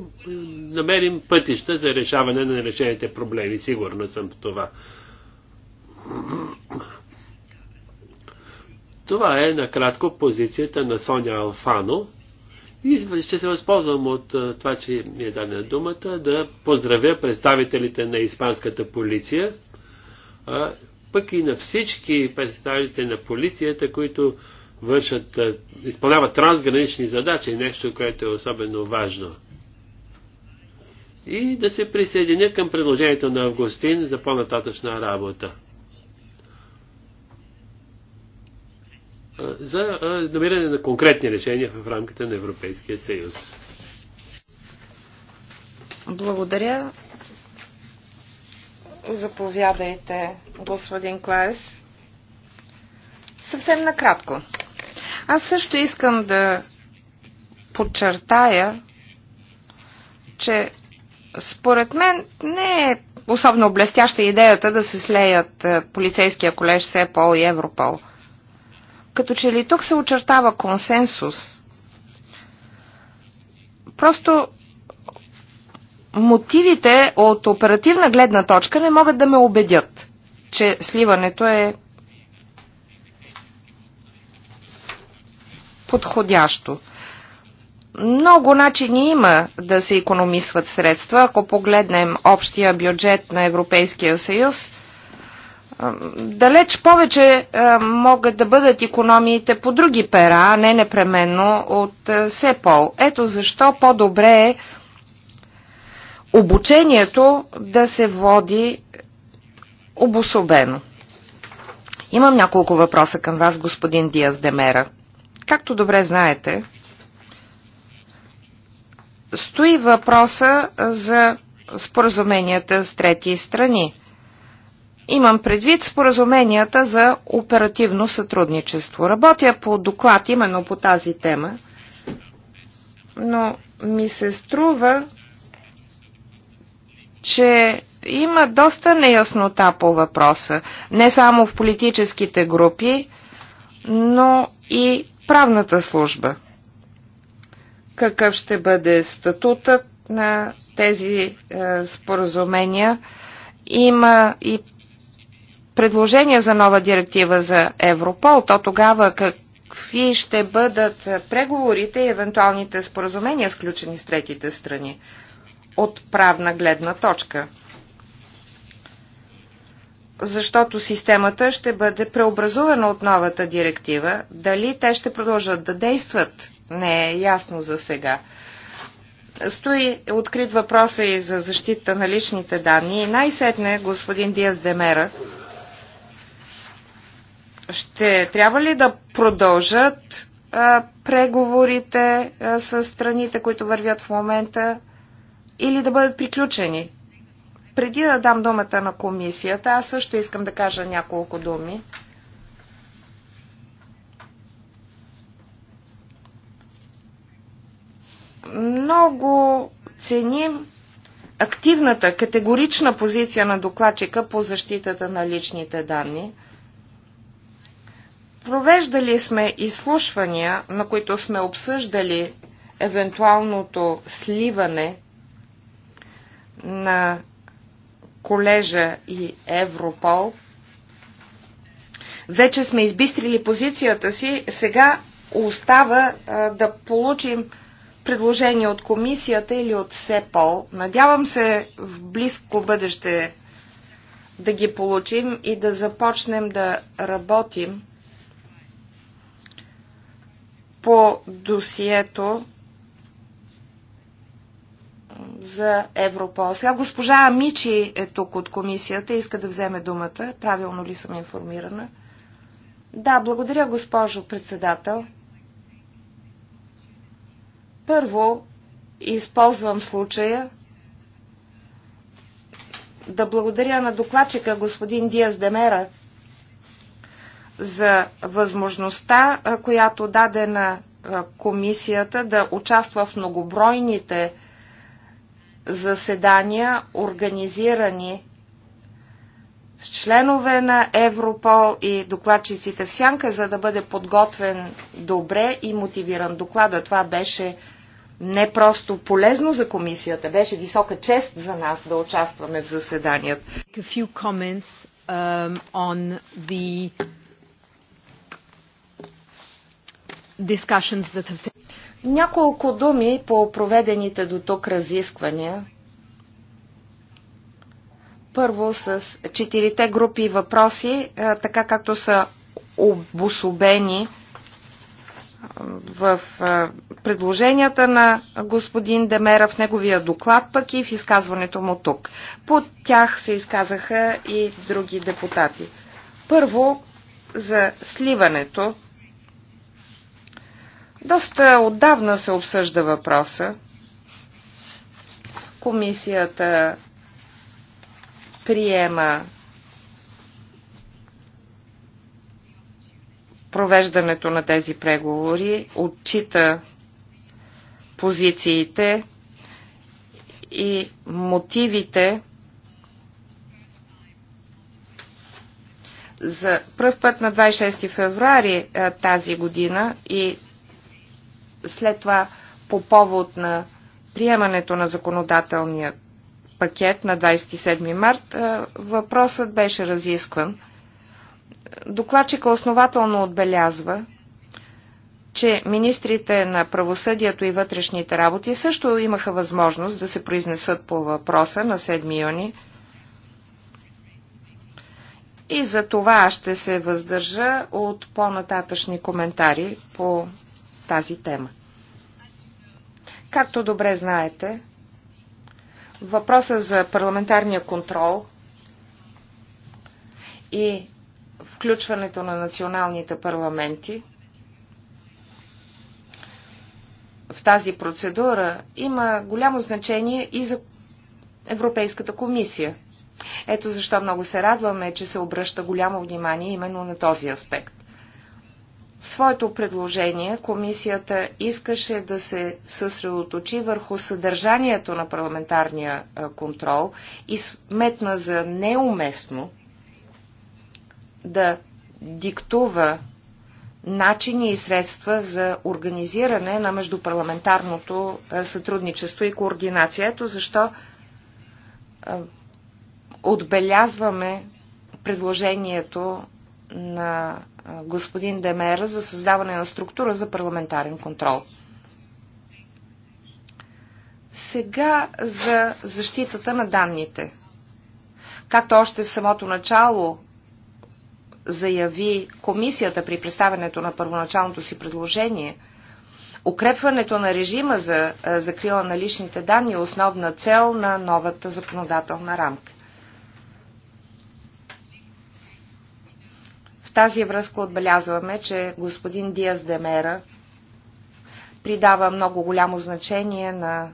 намерим пътища за решаване на решените проблеми. Сигурна съм в това. Това е накратко позицията на Соня Алфано. И ще се възползвам от това, че ми е дадена думата, да поздравя представителите на испанската полиция, а, пък и на всички представители на полицията, които вършат, изпълняват трансгранични задачи, нещо, което е особено важно. И да се присъединя към предложението на Августин за по-нататъчна работа. за намиране на конкретни решения в рамките на Европейския съюз. Благодаря. Заповядайте, господин Клаес. Съвсем накратко. Аз също искам да подчертая, че според мен не е особено блестяща идеята да се слеят полицейския колеж СЕПОЛ и Европол – като че ли тук се очертава консенсус. Просто мотивите от оперативна гледна точка не могат да ме убедят, че сливането е подходящо. Много начини има да се економисват средства. Ако погледнем общия бюджет на Европейския съюз – Далеч повече е, могат да бъдат економиите по други пера, а не непременно от е, СЕПОЛ. Ето защо по-добре е обучението да се води обособено. Имам няколко въпроса към вас, господин Диас Демера. Както добре знаете, стои въпроса за споразуменията с трети страни. Имам предвид споразуменията за оперативно сътрудничество. Работя по доклад именно по тази тема, но ми се струва, че има доста неяснота по въпроса, не само в политическите групи, но и правната служба. Какъв ще бъде статутът на тези е, споразумения? Има и Предложения за нова директива за Европол, то тогава какви ще бъдат преговорите и евентуалните споразумения, сключени с третите страни от правна гледна точка? Защото системата ще бъде преобразувана от новата директива. Дали те ще продължат да действат, не е ясно за сега. Стои открит въпроса и за защита на личните данни. И най-сетне господин Диас Демера ще трябва ли да продължат преговорите с страните, които вървят в момента, или да бъдат приключени? Преди да дам думата на комисията, аз също искам да кажа няколко думи. Много ценим активната, категорична позиция на докладчика по защитата на личните данни – Провеждали сме изслушвания, на които сме обсъждали евентуалното сливане на колежа и Европол. Вече сме избистрили позицията си, сега остава а, да получим предложение от комисията или от СЕПОЛ. Надявам се в близко бъдеще да ги получим и да започнем да работим по досието за Европол. Сега госпожа Амичи е тук от комисията, и иска да вземе думата. Правилно ли съм информирана? Да, благодаря, госпожо председател. Първо, използвам случая да благодаря на докладчика господин Диас Демера за възможността, която даде на комисията да участва в многобройните заседания, организирани с членове на Европол и докладчиците в Сянка, за да бъде подготвен добре и мотивиран доклада. Това беше не просто полезно за комисията, беше висока чест за нас да участваме в заседанията. discussions that have taken. Няколко думи по проведените до тук разисквания. Първо с четирите групи въпроси, е, така както са обособени е, в е, предложенията на господин Демера в неговия доклад, пък и в изказването му тук. По тях се изказаха и други депутати. Първо, за сливането доста отдавна се обсъжда въпроса. Комисията приема провеждането на тези преговори, отчита позициите и мотивите за първ път на 26 февруари тази година и след това по повод на приемането на законодателния пакет на 27 март въпросът беше разискван. Докладчика основателно отбелязва, че министрите на правосъдието и вътрешните работи също имаха възможност да се произнесат по въпроса на 7 юни. И за това ще се въздържа от по-нататъчни коментари по тази тема. Както добре знаете, въпроса за парламентарния контрол и включването на националните парламенти в тази процедура има голямо значение и за Европейската комисия. Ето защо много се радваме, че се обръща голямо внимание именно на този аспект. В своето предложение комисията искаше да се съсредоточи върху съдържанието на парламентарния контрол и сметна за неуместно да диктува начини и средства за организиране на междупарламентарното сътрудничество и координация. Ето защо отбелязваме предложението на господин Демера за създаване на структура за парламентарен контрол. Сега за защитата на данните. Както още в самото начало заяви комисията при представянето на първоначалното си предложение, укрепването на режима за закрила на личните данни е основна цел на новата законодателна рамка. тази връзка отбелязваме, че господин Диас Демера придава много голямо значение на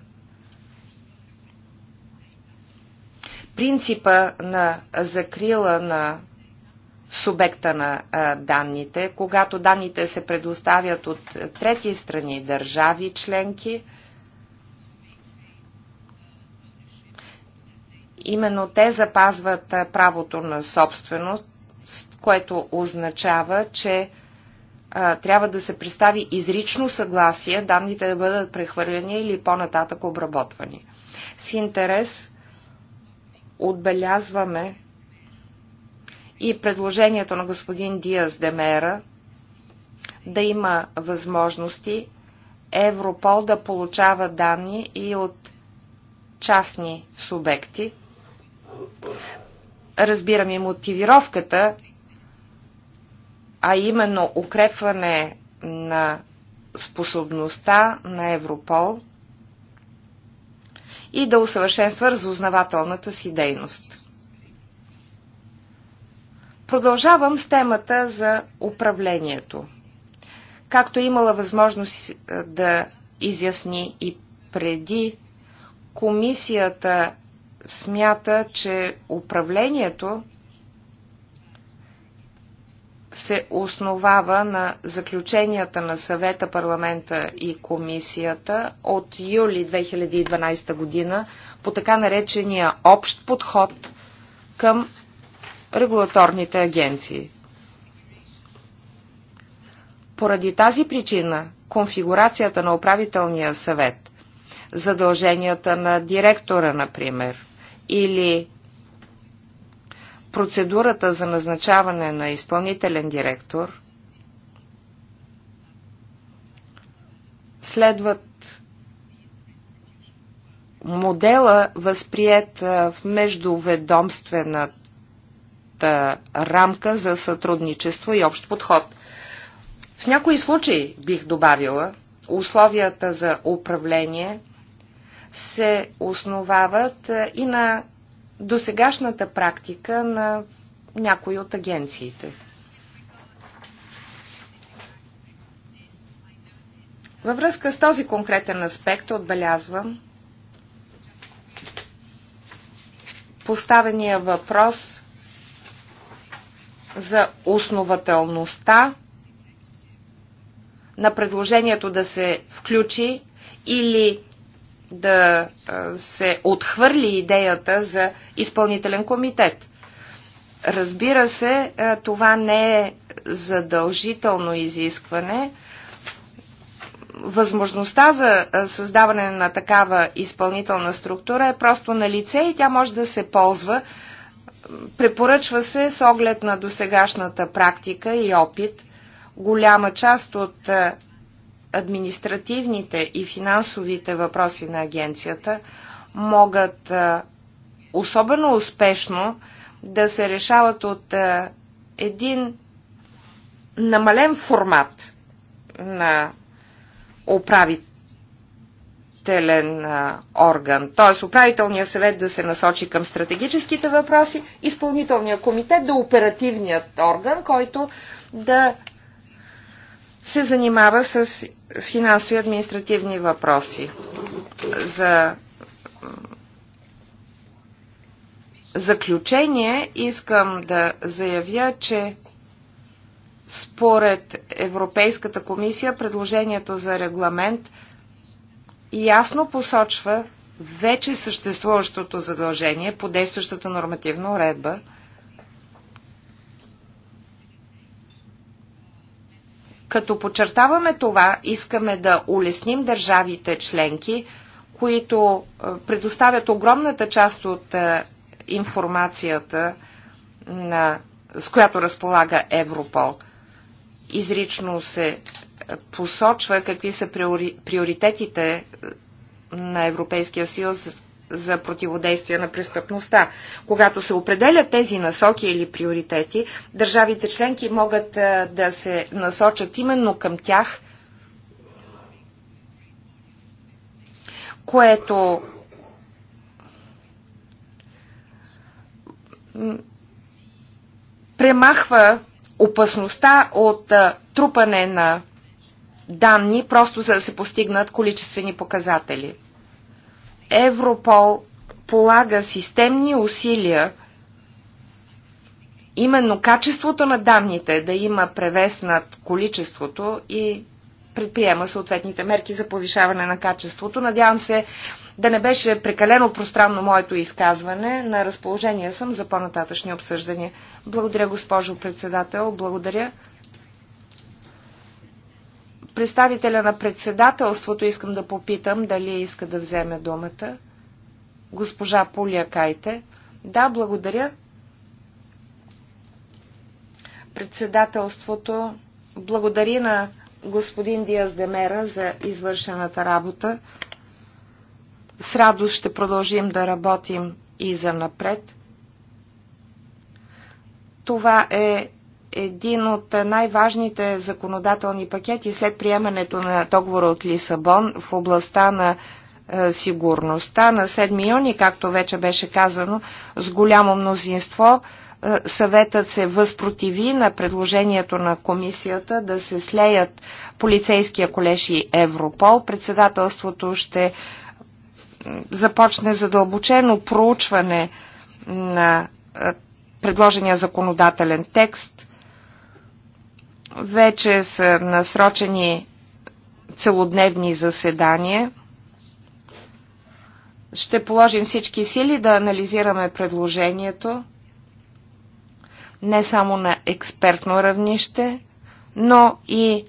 принципа на закрила на субекта на данните, когато данните се предоставят от трети страни, държави, членки, именно те запазват правото на собственост което означава, че а, трябва да се представи изрично съгласие данните да бъдат прехвърлени или по-нататък обработвани. С интерес отбелязваме и предложението на господин Диас Демера да има възможности Европол да получава данни и от частни субекти. Разбирам и мотивировката а именно укрепване на способността на Европол и да усъвършенства разузнавателната си дейност. Продължавам с темата за управлението. Както е имала възможност е, да изясни и преди, комисията смята, че управлението се основава на заключенията на съвета, парламента и комисията от юли 2012 година по така наречения общ подход към регулаторните агенции. Поради тази причина конфигурацията на управителния съвет, задълженията на директора, например, или процедурата за назначаване на изпълнителен директор следват модела, възприят в междуведомствената рамка за сътрудничество и общ подход. В някои случаи, бих добавила, условията за управление се основават и на до сегашната практика на някои от агенциите. Във връзка с този конкретен аспект отбелязвам поставения въпрос за основателността на предложението да се включи или да се отхвърли идеята за изпълнителен комитет. Разбира се, това не е задължително изискване. Възможността за създаване на такава изпълнителна структура е просто на лице и тя може да се ползва. Препоръчва се с оглед на досегашната практика и опит. Голяма част от административните и финансовите въпроси на агенцията могат особено успешно да се решават от един намален формат на управителен орган. Т.е. управителният съвет да се насочи към стратегическите въпроси, изпълнителният комитет да е оперативният орган, който да се занимава с финансови и административни въпроси за заключение искам да заявя, че според Европейската комисия предложението за регламент ясно посочва вече съществуващото задължение по действащата нормативна уредба – Като подчертаваме това, искаме да улесним държавите членки, които е, предоставят огромната част от е, информацията, на, с която разполага Европол. Изрично се е, посочва какви са приоритетите на Европейския съюз за противодействие на престъпността. Когато се определят тези насоки или приоритети, държавите членки могат е, да се насочат именно към тях, което премахва опасността от е, трупане на данни, просто за да се постигнат количествени показатели. Европол полага системни усилия именно качеството на данните да има превес над количеството и предприема съответните мерки за повишаване на качеството. Надявам се да не беше прекалено пространно моето изказване. На разположение съм за по-нататъчни обсъждания. Благодаря, госпожо председател. Благодаря представителя на председателството искам да попитам дали иска да вземе думата. Госпожа Пулия Кайте. Да, благодаря. Председателството благодари на господин Диас Демера за извършената работа. С радост ще продължим да работим и за напред. Това е един от най-важните законодателни пакети след приемането на договора от Лисабон в областта на е, сигурността на 7 юни, както вече беше казано, с голямо мнозинство е, съветът се възпротиви на предложението на комисията да се слеят полицейския колеж и Европол. Председателството ще започне задълбочено проучване на е, предложения законодателен текст вече са насрочени целодневни заседания. Ще положим всички сили да анализираме предложението не само на експертно равнище, но и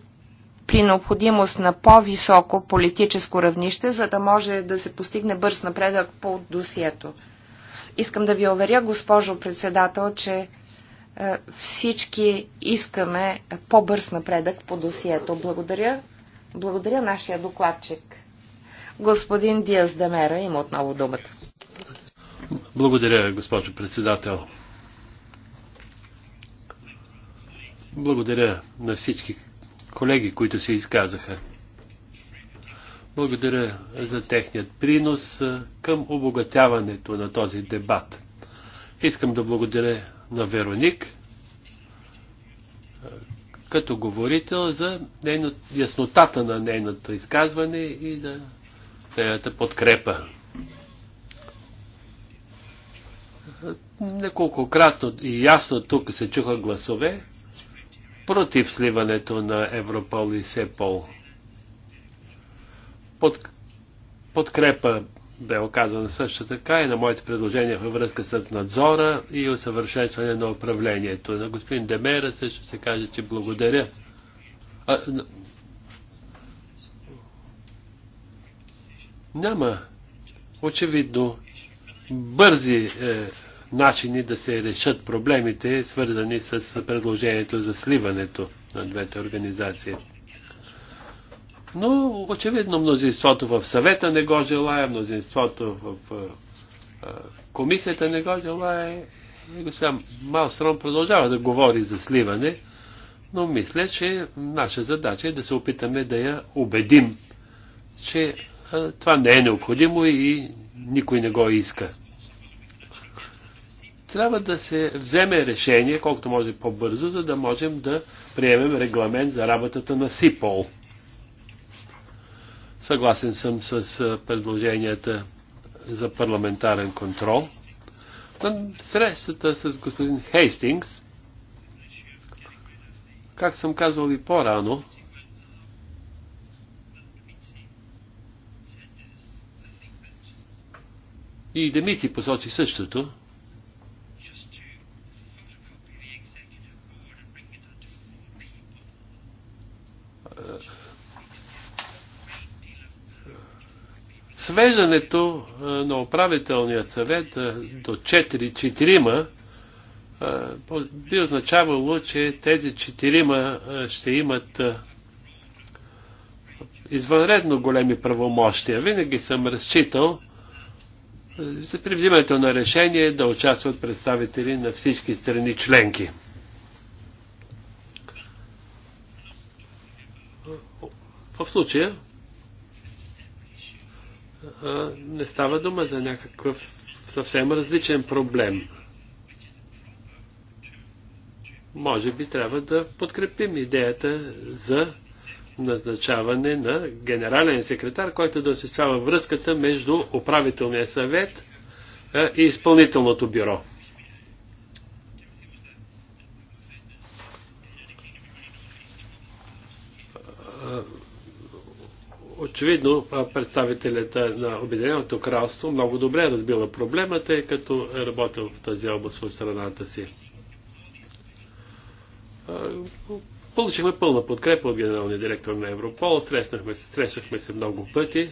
при необходимост на по-високо политическо равнище, за да може да се постигне бърз напредък по досието. Искам да ви уверя, госпожо председател, че е, всички искаме по-бърз напредък по досието. Благодаря. Благодаря нашия докладчик. Господин Диас Демера има отново думата. Благодаря, госпожо председател. Благодаря на всички колеги, които се изказаха. Благодаря за техният принос е, към обогатяването на този дебат. Искам да благодаря на Вероник като говорител за нейно, яснотата на нейното изказване и за нейната подкрепа. Неколкократно и ясно тук се чуха гласове против сливането на Европол и Сепол. Под, подкрепа бе оказана също така и на моите предложения във връзка с надзора и усъвършенстване на управлението. На господин Демера също се каже, че благодаря. А, няма очевидно бързи е, начини да се решат проблемите, свързани с предложението за сливането на двете организации. Но очевидно мнозинството в съвета не го желая, мнозинството в комисията не го желая. И господин Малстром продължава да говори за сливане, но мисля, че наша задача е да се опитаме да я убедим, че това не е необходимо и никой не го иска. Трябва да се вземе решение, колкото може по-бързо, за да можем да приемем регламент за работата на СИПОЛ. Съгласен съм с предложенията за парламентарен контрол. На срещата с господин Хейстингс, как съм казвал и по-рано, и Демици посочи същото, свеждането на управителният съвет до 4-4 би означавало, че тези 4 ще имат извънредно големи правомощия. Винаги съм разчитал за при взимането на решение да участват представители на всички страни членки. В случая не става дума за някакъв съвсем различен проблем. Може би трябва да подкрепим идеята за назначаване на генерален секретар, който да осъществява връзката между управителния съвет и изпълнителното бюро. Очевидно, представителят на Обединеното кралство много добре е разбила проблема, тъй като е работил в тази област в страната си. Получихме пълна подкрепа от генералния директор на Европол, срещнахме се, срещнахме се много пъти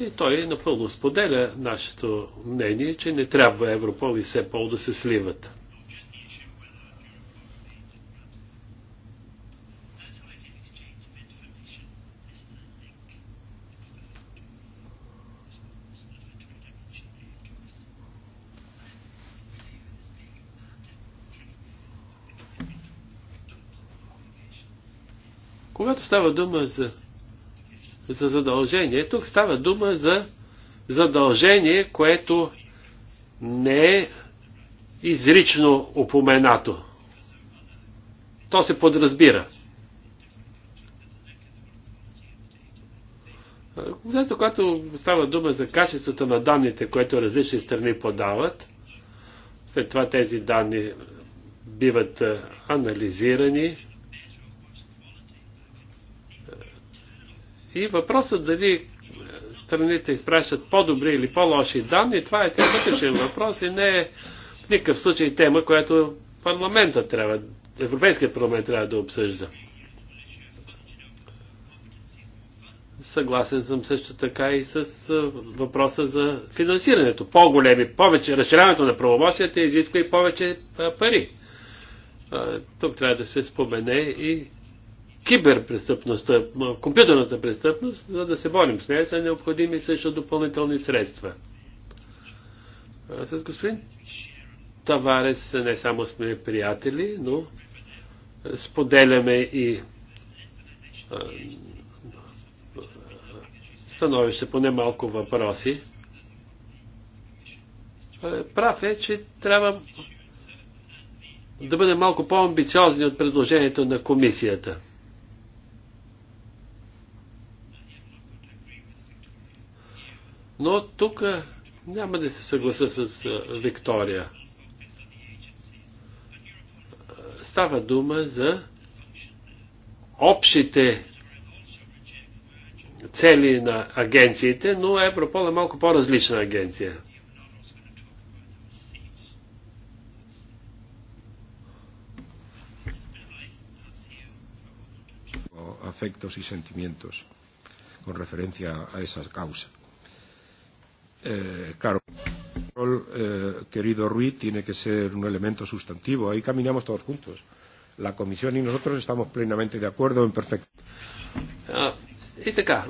и той напълно споделя нашето мнение, че не трябва Европол и СЕПОЛ да се сливат. става дума за, за задължение, тук става дума за задължение, което не е изрично упоменато. То се подразбира. Когато, когато става дума за качеството на данните, което различни страни подават, след това тези данни биват анализирани, И въпросът дали е, страните изпращат по-добри или по-лоши данни, това е тя вътрешен въпрос и не е в никакъв случай тема, която парламента трябва, Европейският парламент трябва да обсъжда. Съгласен съм също така и с е, въпроса за финансирането. По-големи, повече, разширяването на правомощията изисква и повече е, пари. Тук трябва да се спомене и киберпрестъпността, компютърната престъпност, за да се борим с нея, са необходими също допълнителни средства. А с господин Таварес не само сме приятели, но споделяме и становище по немалко въпроси. Прав е, че трябва да бъдем малко по-амбициозни от предложението на комисията. Но тук няма да се съгласа с Виктория. Става дума за общите цели на агенциите, но Европол е малко по-различна агенция. afectos y sentimientos con referencia a esa causa. Eh, claro, el rol, eh, querido Rui, tiene que ser un elemento sustantivo. Ahí caminamos todos juntos. La comisión y nosotros estamos plenamente de acuerdo en perfecto. И така,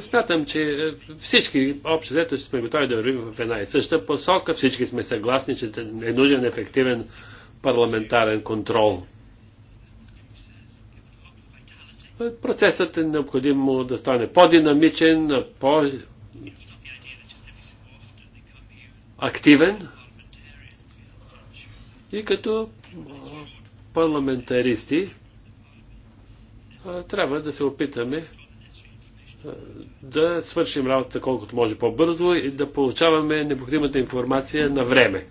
смятам, че е, всички общо взето ще сме готови да вървим в една и съща посока. Всички сме съгласни, че е, е нужен ефективен парламентарен контрол. Е, процесът е необходимо да стане по-динамичен, по активен и като парламентаристи трябва да се опитаме да свършим работата колкото може по-бързо и да получаваме необходимата информация на време.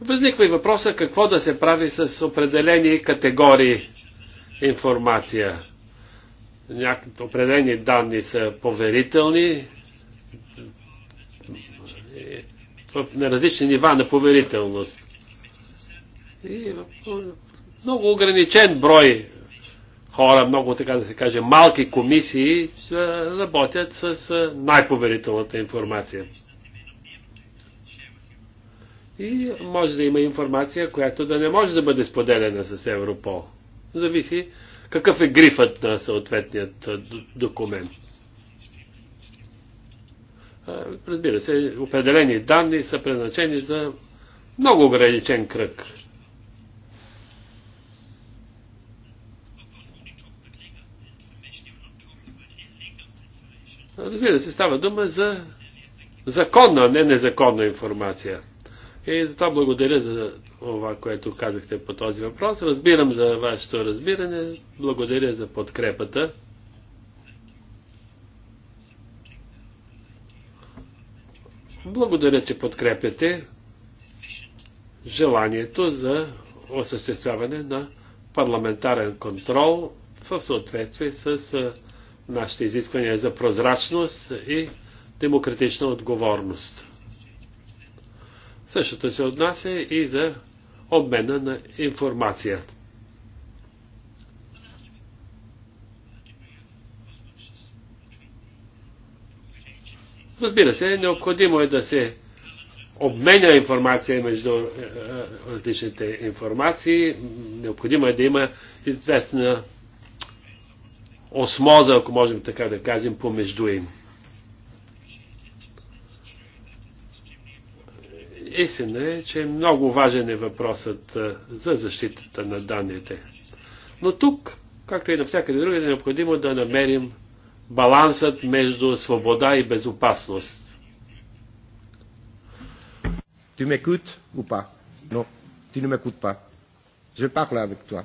Възниква и въпроса какво да се прави с определени категории информация. Някакви определени данни са поверителни на различни нива на поверителност. И много ограничен брой хора, много така да се каже, малки комисии е, работят с е, най-поверителната информация. И може да има информация, която да не може да бъде споделена с Европол. Зависи какъв е грифът на съответният документ. Разбира се, определени данни са предначени за много ограничен кръг. Разбира се, става дума за законна, не незаконна информация. И затова благодаря за това, което казахте по този въпрос. Разбирам за вашето разбиране. Благодаря за подкрепата. Благодаря, че подкрепяте желанието за осъществяване на парламентарен контрол в съответствие с нашите изисквания за прозрачност и демократична отговорност. Същото се отнася и за обмена на информация. Разбира се, необходимо е да се обменя информация между е, е, различните информации. Необходимо е да има известна осмоза, ако можем така да кажем, помежду им. истина е, че е много важен е въпросът за защитата на данните. Но тук, както и навсякъде друга, е необходимо да намерим балансът между свобода и безопасност. Ти Tu m'écoutes ou pas Non, tu ne m'écoutes pas. Je parle avec toi.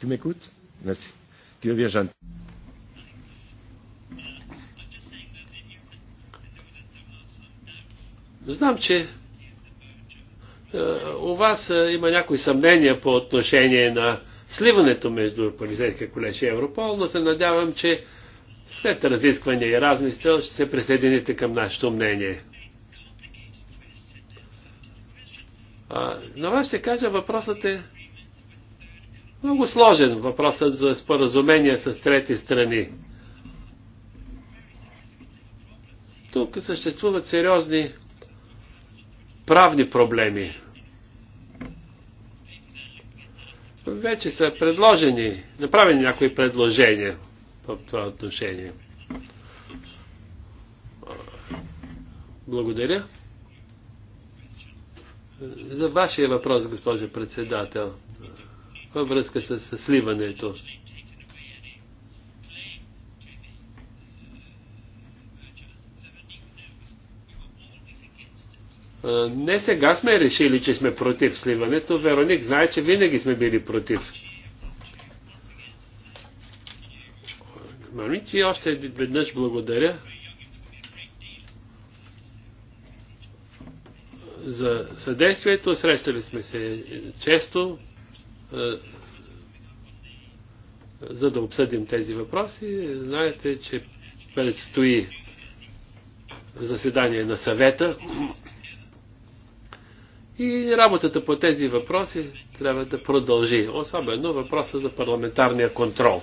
Tu m'écoutes Merci. Tu es bien gentil. Знам, че е, у вас е, има някои съмнения по отношение на сливането между полицейския колеж и Европол, но се надявам, че след разискване и размисъл ще се присъедините към нашето мнение. А, на вас ще кажа, въпросът е много сложен, въпросът за споразумение с трети страни. Тук съществуват сериозни правни проблеми. Вече са предложени, направени някои предложения в това отношение. Благодаря. За вашия въпрос, госпожо председател, във връзка с сливането. Не сега сме решили, че сме против сливането. Вероник знае, че винаги сме били против. Мамичи, още веднъж благодаря за съдействието. Срещали сме се често, за да обсъдим тези въпроси. Знаете, че предстои заседание на съвета. И работата по тези въпроси трябва да продължи, особено въпроса за парламентарния контрол.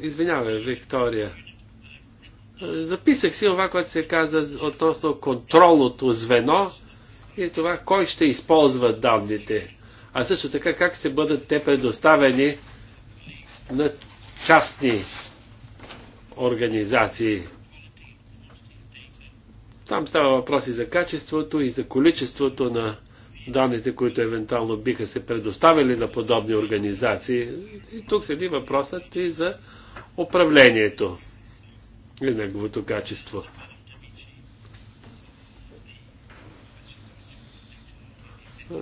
Извинявай, Виктория. Записах си това, което се каза относно контролното звено и това, кой ще използва данните. А също така, как ще бъдат те предоставени на частни организации. Там става въпроси за качеството и за количеството на данните, които евентуално биха се предоставили на подобни организации. И тук седи въпросът и за управлението и неговото качество.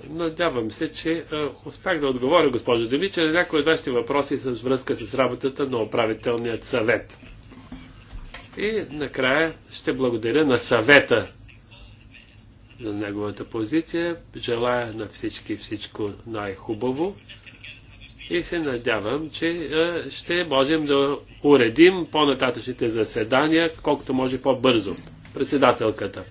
Надявам се, че е, успях да отговоря, госпожо Демича, на някои от вашите въпроси с връзка с работата на управителният съвет. И накрая ще благодаря на съвета за неговата позиция. Желая на всички всичко най-хубаво и се надявам, че ще можем да уредим по-нататъчните заседания, колкото може по-бързо. Председателката.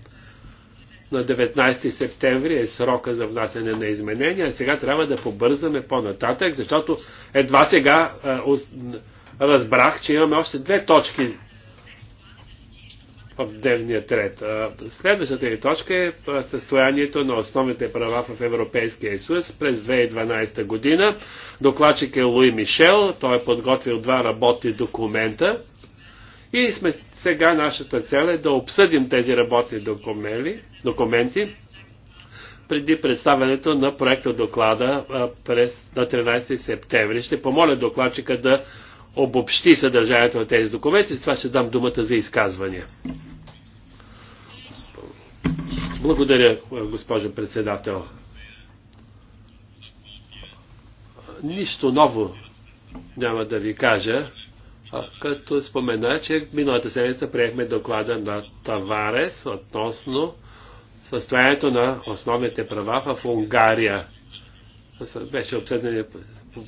На 19 септември е срока за внасяне на изменения, а сега трябва да побързаме по-нататък, защото едва сега разбрах, че имаме още две точки в дневния ред. Следващата ни точка е състоянието на основните права в Европейския съюз през 2012 година. Докладчик е Луи Мишел, той е подготвил два работни документа и сме, сега нашата цел е да обсъдим тези работни документи, документи преди представянето на проекта доклада през, на 13 септември. Ще помоля докладчика да обобщи съдържанието на тези документи, с това ще дам думата за изказвания. Благодаря, госпожо председател. Нищо ново няма да ви кажа, като спомена, че миналата седмица приехме доклада на Таварес относно състоянието на основните права в Унгария. Беше обсъден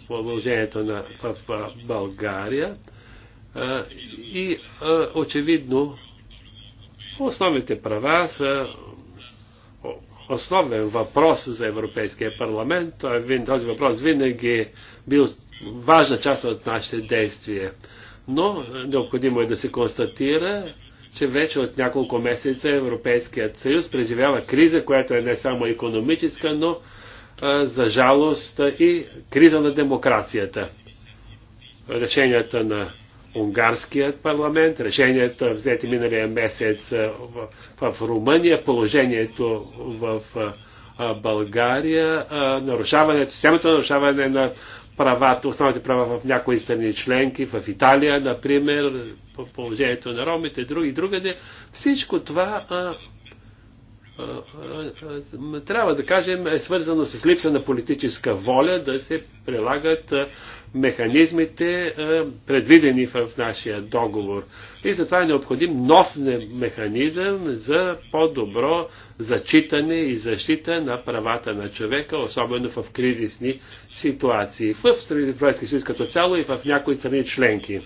положението на, в, в България а, и а, очевидно основните права са основен въпрос за Европейския парламент. Той, е този въпрос винаги е бил важна част от нашите действия. Но необходимо е да се констатира, че вече от няколко месеца Европейският съюз преживява криза, която е не само економическа, но за жалост и криза на демокрацията. Решенията на унгарският парламент, решенията взети миналия месец в, в Румъния, положението в България, нарушаването, системата на нарушаване на правата, основните права в някои страни членки, в Италия, например, положението на ромите, други, другаде. Всичко това трябва да кажем, е свързано с липса на политическа воля да се прилагат механизмите, предвидени в нашия договор. И затова е необходим нов механизъм за по-добро зачитане и защита на правата на човека, особено в кризисни ситуации в Европейския съюз като цяло и в някои страни членки.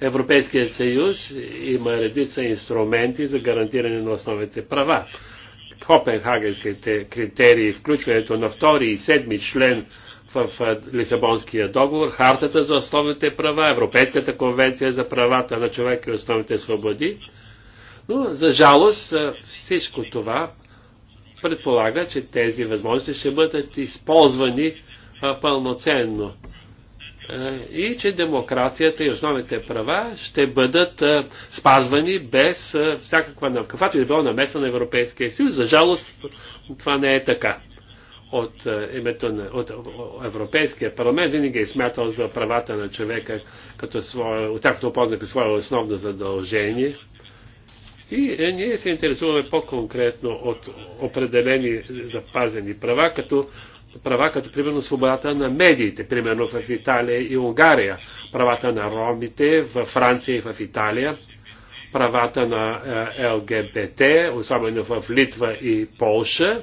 Европейският съюз има редица инструменти за гарантиране на основните права. Копенхагенските критерии, включването на втори и седми член в Лисабонския договор, Хартата за основните права, Европейската конвенция за правата на човека и основните свободи. Но, за жалост, всичко това предполага, че тези възможности ще бъдат използвани пълноценно. Е, и че демокрацията и основните права ще бъдат е, спазвани без е, всякаква, каквато и да било намеса на Европейския съюз. За жалост това не е така. От името на от Европейския парламент винаги е смятал за правата на човека като свое, от тяхното опознак свое основно задължение. И е, ние се интересуваме по-конкретно от определени запазени права, като права, като примерно свободата на медиите, примерно в Италия и Унгария, правата на ромите в Франция и в Италия, правата на е, ЛГБТ, особено в Литва и Полша.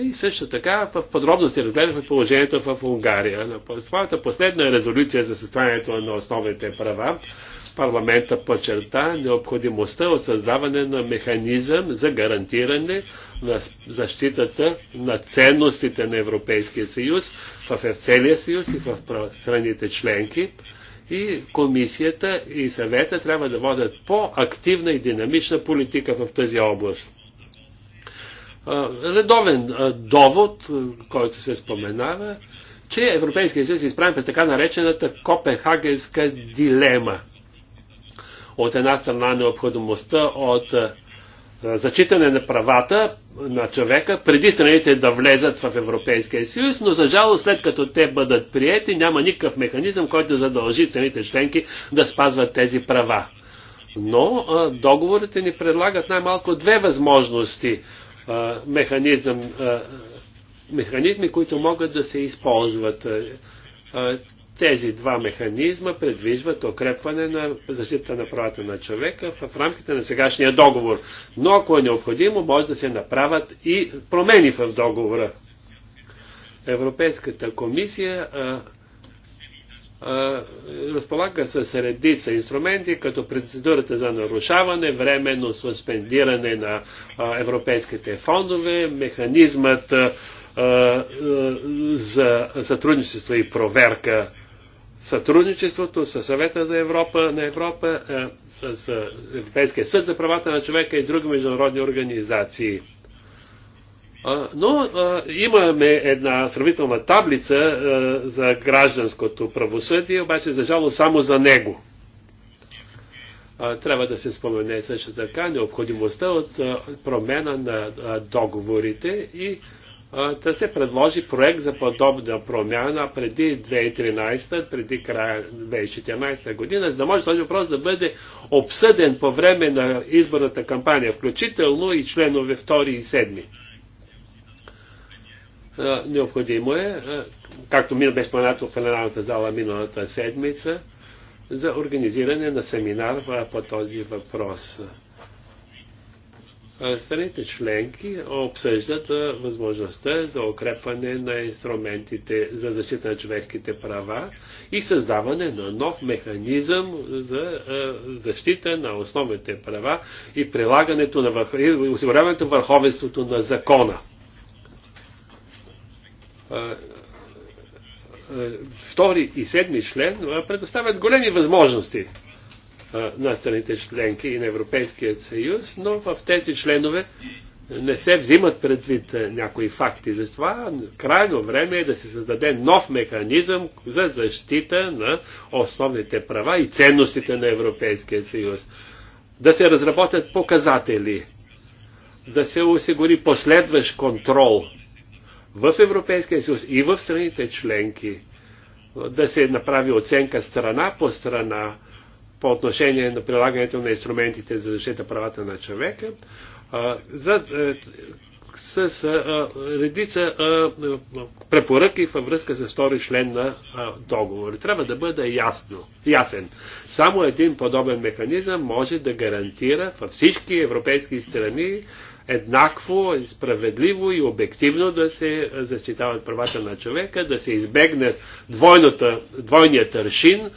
И също така в подробности разгледахме положението в Унгария. На своята последна резолюция за състоянието на основните права Парламента подчерта необходимостта от създаване на механизъм за гарантиране на защитата на ценностите на Европейския съюз в целия съюз и в страните членки. И комисията и съвета трябва да водят по-активна и динамична политика в тази област. Редовен довод, който се споменава, че Европейския съюз е изправен пред така наречената Копенхагенска дилема. От една страна необходимостта от е, зачитане на правата на човека преди страните да влезат в Европейския съюз, но за жало след като те бъдат приети, няма никакъв механизъм, който задължи страните членки да спазват тези права. Но е, договорите ни предлагат най-малко две възможности е, механизъм, механизми, които могат да се използват. Тези два механизма предвижват укрепване на защита на правата на човека в рамките на сегашния договор. Но ако е необходимо, може да се направят и промени в договора. Европейската комисия а, а, разполага с редица инструменти, като процедурата за нарушаване, временно суспендиране на а, европейските фондове, механизмът а, за сътрудничество и проверка сътрудничеството с съвета за Европа, на Европа, с Европейския съд за правата на човека и други международни организации. Но имаме една сравнителна таблица за гражданското правосъдие, обаче за жало само за него. Трябва да се спомене също така необходимостта от промена на договорите и да се предложи проект за подобна промяна преди 2013, преди края 2014 година, за да може този въпрос да бъде обсъден по време на изборната кампания, включително и членове 2 и 7. Необходимо е, както мина беше споменато в пленарната зала миналата седмица, за организиране на семинар по този въпрос страните членки обсъждат възможността за укрепване на инструментите за защита на човешките права и създаване на нов механизъм за защита на основните права и прилагането на върх... и осигуряването върховенството на закона. Втори и седми член предоставят големи възможности на страните членки и на Европейският съюз, но в тези членове не се взимат предвид някои факти. Затова крайно време е да се създаде нов механизъм за защита на основните права и ценностите на Европейския съюз. Да се разработят показатели, да се осигури последващ контрол в Европейския съюз и в страните членки, да се направи оценка страна по страна по отношение на прилагането на инструментите за защита правата на човека, за, е, с, е, с а, редица а, препоръки във връзка с втори член на а, договор. Трябва да бъде ясно, ясен. Само един подобен механизъм може да гарантира във всички европейски страни еднакво, справедливо и обективно да се защитават правата на човека, да се избегне двойната, двойният тършин,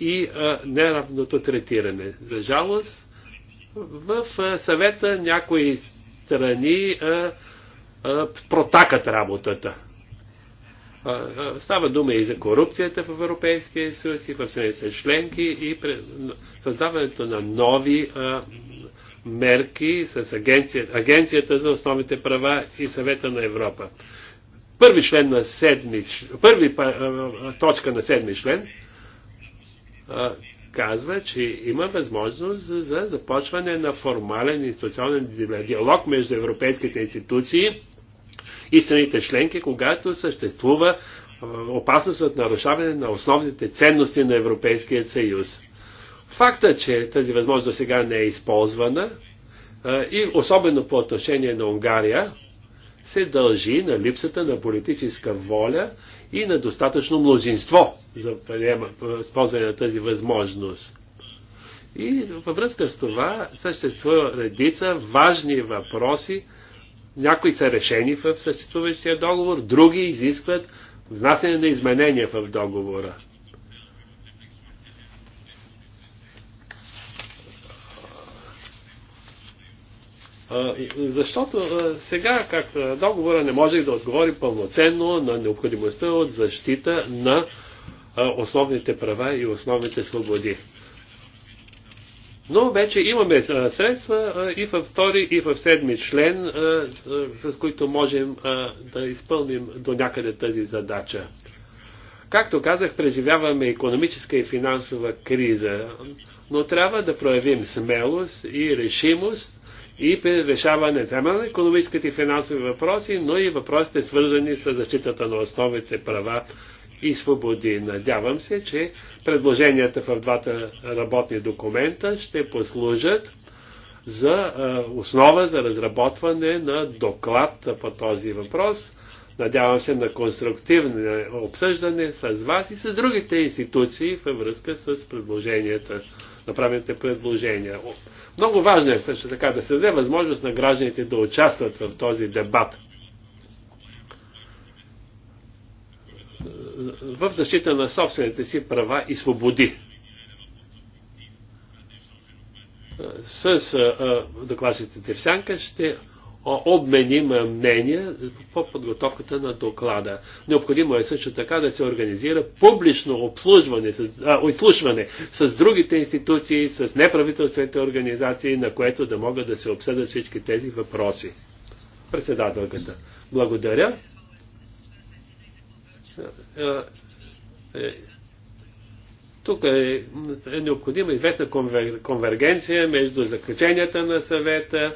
и неравното третиране. За жалост, в съвета някои страни протакат работата. Става дума и за корупцията в Европейския съюз и в страните членки и създаването на нови мерки с агенцията, агенцията за основните права и съвета на Европа. Първи член на седми, първи точка на седми член казва, че има възможност за започване на формален институционен диалог между европейските институции и страните членки, когато съществува опасност от нарушаване на основните ценности на Европейския съюз. Факта, че тази възможност сега не е използвана и особено по отношение на Унгария, се дължи на липсата на политическа воля и на достатъчно мнозинство за е, използване на тази възможност. И във връзка с това съществува редица важни въпроси. Някои са решени в съществуващия договор, други изискват внасяне на изменения в договора. Защото сега, как договора не може да отговори пълноценно на необходимостта от защита на основните права и основните свободи. Но вече имаме средства и във втори, и в седми член, с които можем да изпълним до някъде тази задача. Както казах, преживяваме економическа и финансова криза, но трябва да проявим смелост и решимост и решаване само на економическите и финансови въпроси, но и въпросите свързани с защитата на основните права и свободи. Надявам се, че предложенията в двата работни документа ще послужат за основа за разработване на доклад по този въпрос. Надявам се на конструктивно обсъждане с вас и с другите институции във връзка с предложенията направените предложения. Много важно е също така да се даде възможност на гражданите да участват в този дебат. в защита на собствените си права и свободи. С докладчиците в сянка ще обменим мнения по подготовката на доклада. Необходимо е също така да се организира публично обслужване, а, изслушване с другите институции, с неправителствените организации, на което да могат да се обсъдят всички тези въпроси. Председателката. Благодаря. Е, тук е, е необходима известна конвергенция между заключенията на съвета,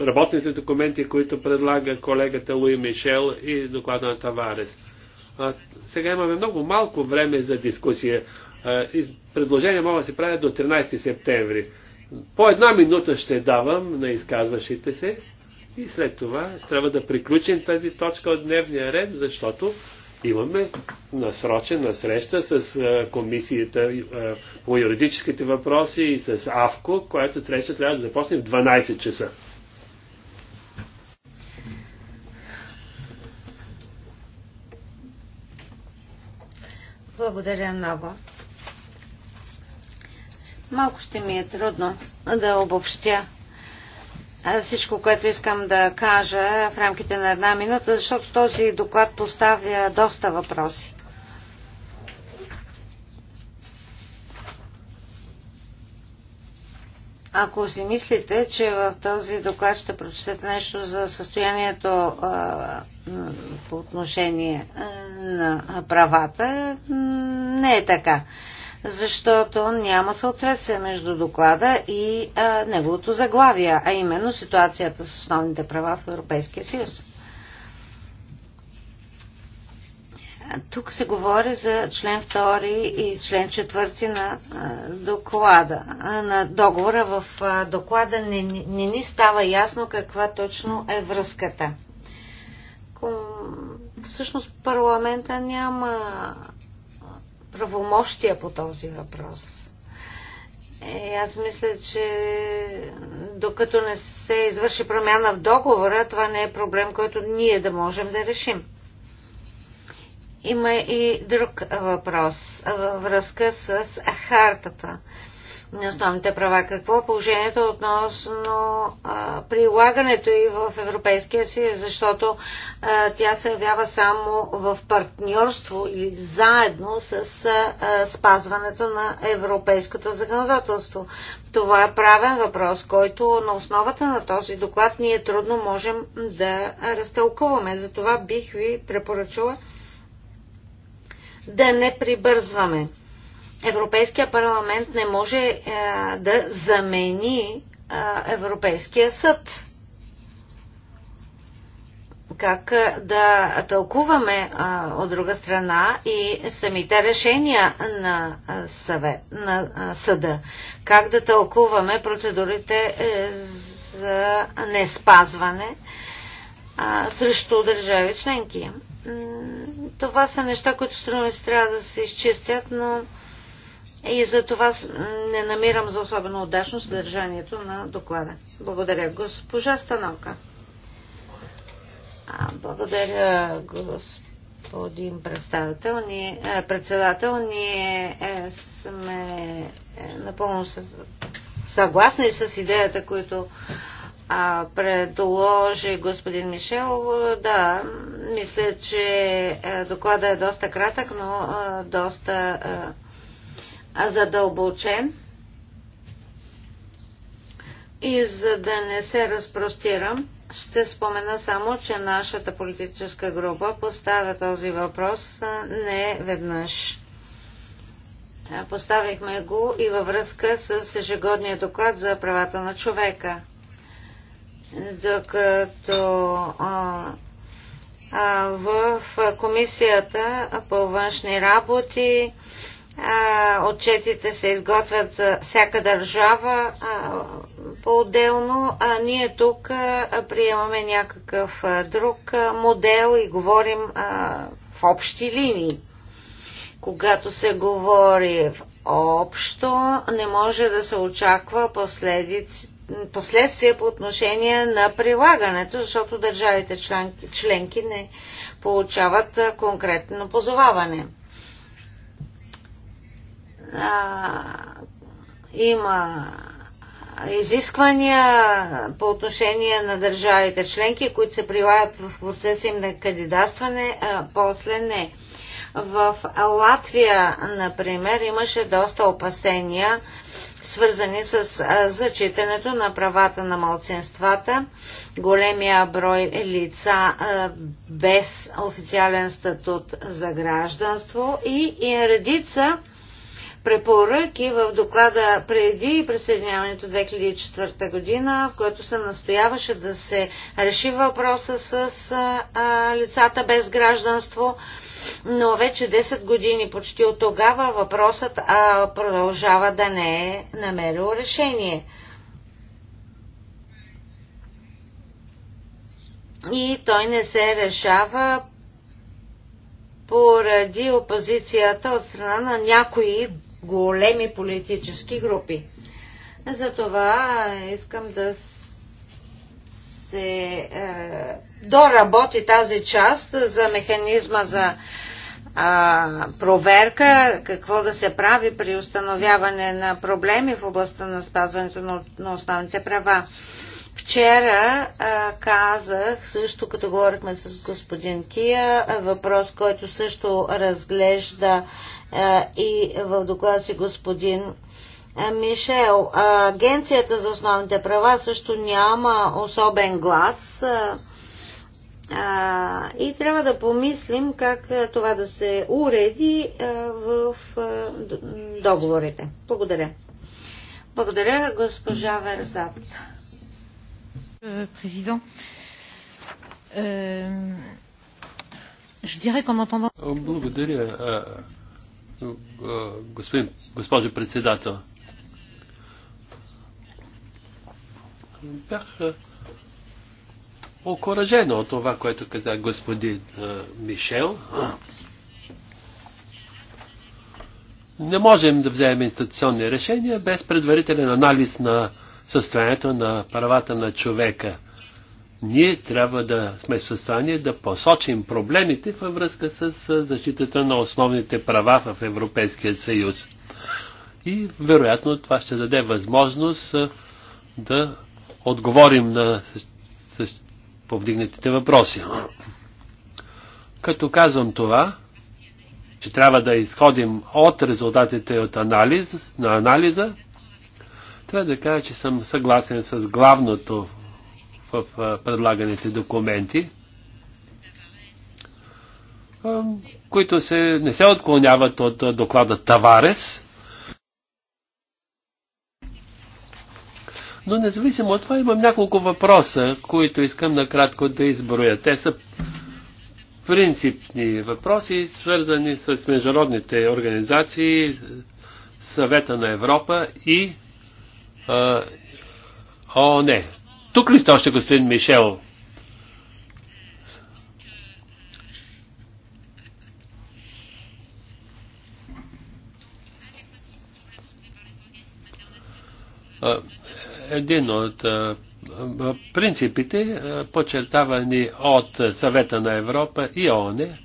работните документи, които предлага колегата Луи Мишел и доклада на Таварес. А, сега имаме много малко време за дискусия. А, предложения могат да се правят до 13 септември. По една минута ще давам на изказващите се и след това трябва да приключим тази точка от дневния ред, защото имаме насрочена среща с комисията по юридическите въпроси и с АВКО, която среща трябва да започне в 12 часа. Благодаря много. Малко ще ми е трудно да обобщя всичко, което искам да кажа в рамките на една минута, защото този доклад поставя доста въпроси. Ако си мислите, че в този доклад ще прочетете нещо за състоянието а, по отношение на правата, не е така защото няма съответствие между доклада и а, неговото заглавие, а именно ситуацията с основните права в Европейския съюз. Тук се говори за член 2 и член 4 на доклада, на договора. В доклада не, не ни става ясно каква точно е връзката. Всъщност парламента няма правомощия по този въпрос. Е, аз мисля, че докато не се извърши промяна в договора, това не е проблем, който ние да можем да решим. Има и друг въпрос във връзка с хартата основните права. Какво е положението относно а, прилагането и в Европейския съюз, защото а, тя се явява само в партньорство или заедно с а, спазването на европейското законодателство. Това е правен въпрос, който на основата на този доклад ние трудно можем да разтълкуваме. Затова бих ви препоръчала да не прибързваме Европейския парламент не може е, да замени е, Европейския съд. Как е, да тълкуваме от друга страна и самите решения на, съвет, на съда? Как да тълкуваме процедурите за неспазване срещу държави членки? Това са неща, които струва се трябва да се изчистят, но и за това не намирам за особено удачно съдържанието на доклада. Благодаря. Госпожа Станалка. Благодаря, господин представител. Ние, е, председател. Ние е, сме е, напълно съгласни с идеята, която а, предложи господин Мишел. Да, мисля, че е, доклада е доста кратък, но доста а, а задълбочен. И за да не се разпростирам, ще спомена само, че нашата политическа група поставя този въпрос не веднъж. Поставихме го и във връзка с ежегодния доклад за правата на човека. Докато а, а, в комисията по външни работи отчетите се изготвят за всяка държава по-отделно, а ние тук приемаме някакъв друг модел и говорим в общи линии. Когато се говори в общо, не може да се очаква последици, последствия по отношение на прилагането, защото държавите членки, членки не получават конкретно позоваване а, има изисквания по отношение на държавите членки, които се прилагат в процеса им на кандидатстване, а после не. В Латвия, например, имаше доста опасения, свързани с зачитането на правата на малцинствата. Големия брой лица без официален статут за гражданство и, и редица препоръки в доклада преди присъединяването 2004 година, в който се настояваше да се реши въпроса с а, лицата без гражданство. Но вече 10 години почти от тогава въпросът а, продължава да не е намерил решение. И той не се решава поради опозицията от страна на някои големи политически групи. Затова искам да се е, доработи тази част за механизма за е, проверка, какво да се прави при установяване на проблеми в областта на спазването на, на основните права. Вчера а, казах, също като говорихме с господин Кия, въпрос, който също разглежда и в доклад си господин Мишел. Агенцията за основните права също няма особен глас и трябва да помислим как това да се уреди в договорите. Благодаря. Благодаря, госпожа Верзат. Е, президент. Е, Благодаря господин, госпожо председател. Бях окоръжено от това, което каза господин Мишел. Не можем да вземем институционни решения без предварителен анализ на състоянието на правата на човека – ние трябва да сме в състояние да посочим проблемите във връзка с защитата на основните права в Европейския съюз. И вероятно това ще даде възможност да отговорим на повдигнатите въпроси. Като казвам това, че трябва да изходим от резултатите от анализ, на анализа, трябва да кажа, че съм съгласен с главното в предлаганите документи, които се, не се отклоняват от доклада Таварес. Но независимо от това имам няколко въпроса, които искам накратко да изброя. Те са принципни въпроси, свързани с международните организации, Съвета на Европа и ООН. Е. Тук ли сте още, господин Мишел? Един от принципите, подчертавани от Съвета на Европа и ООН,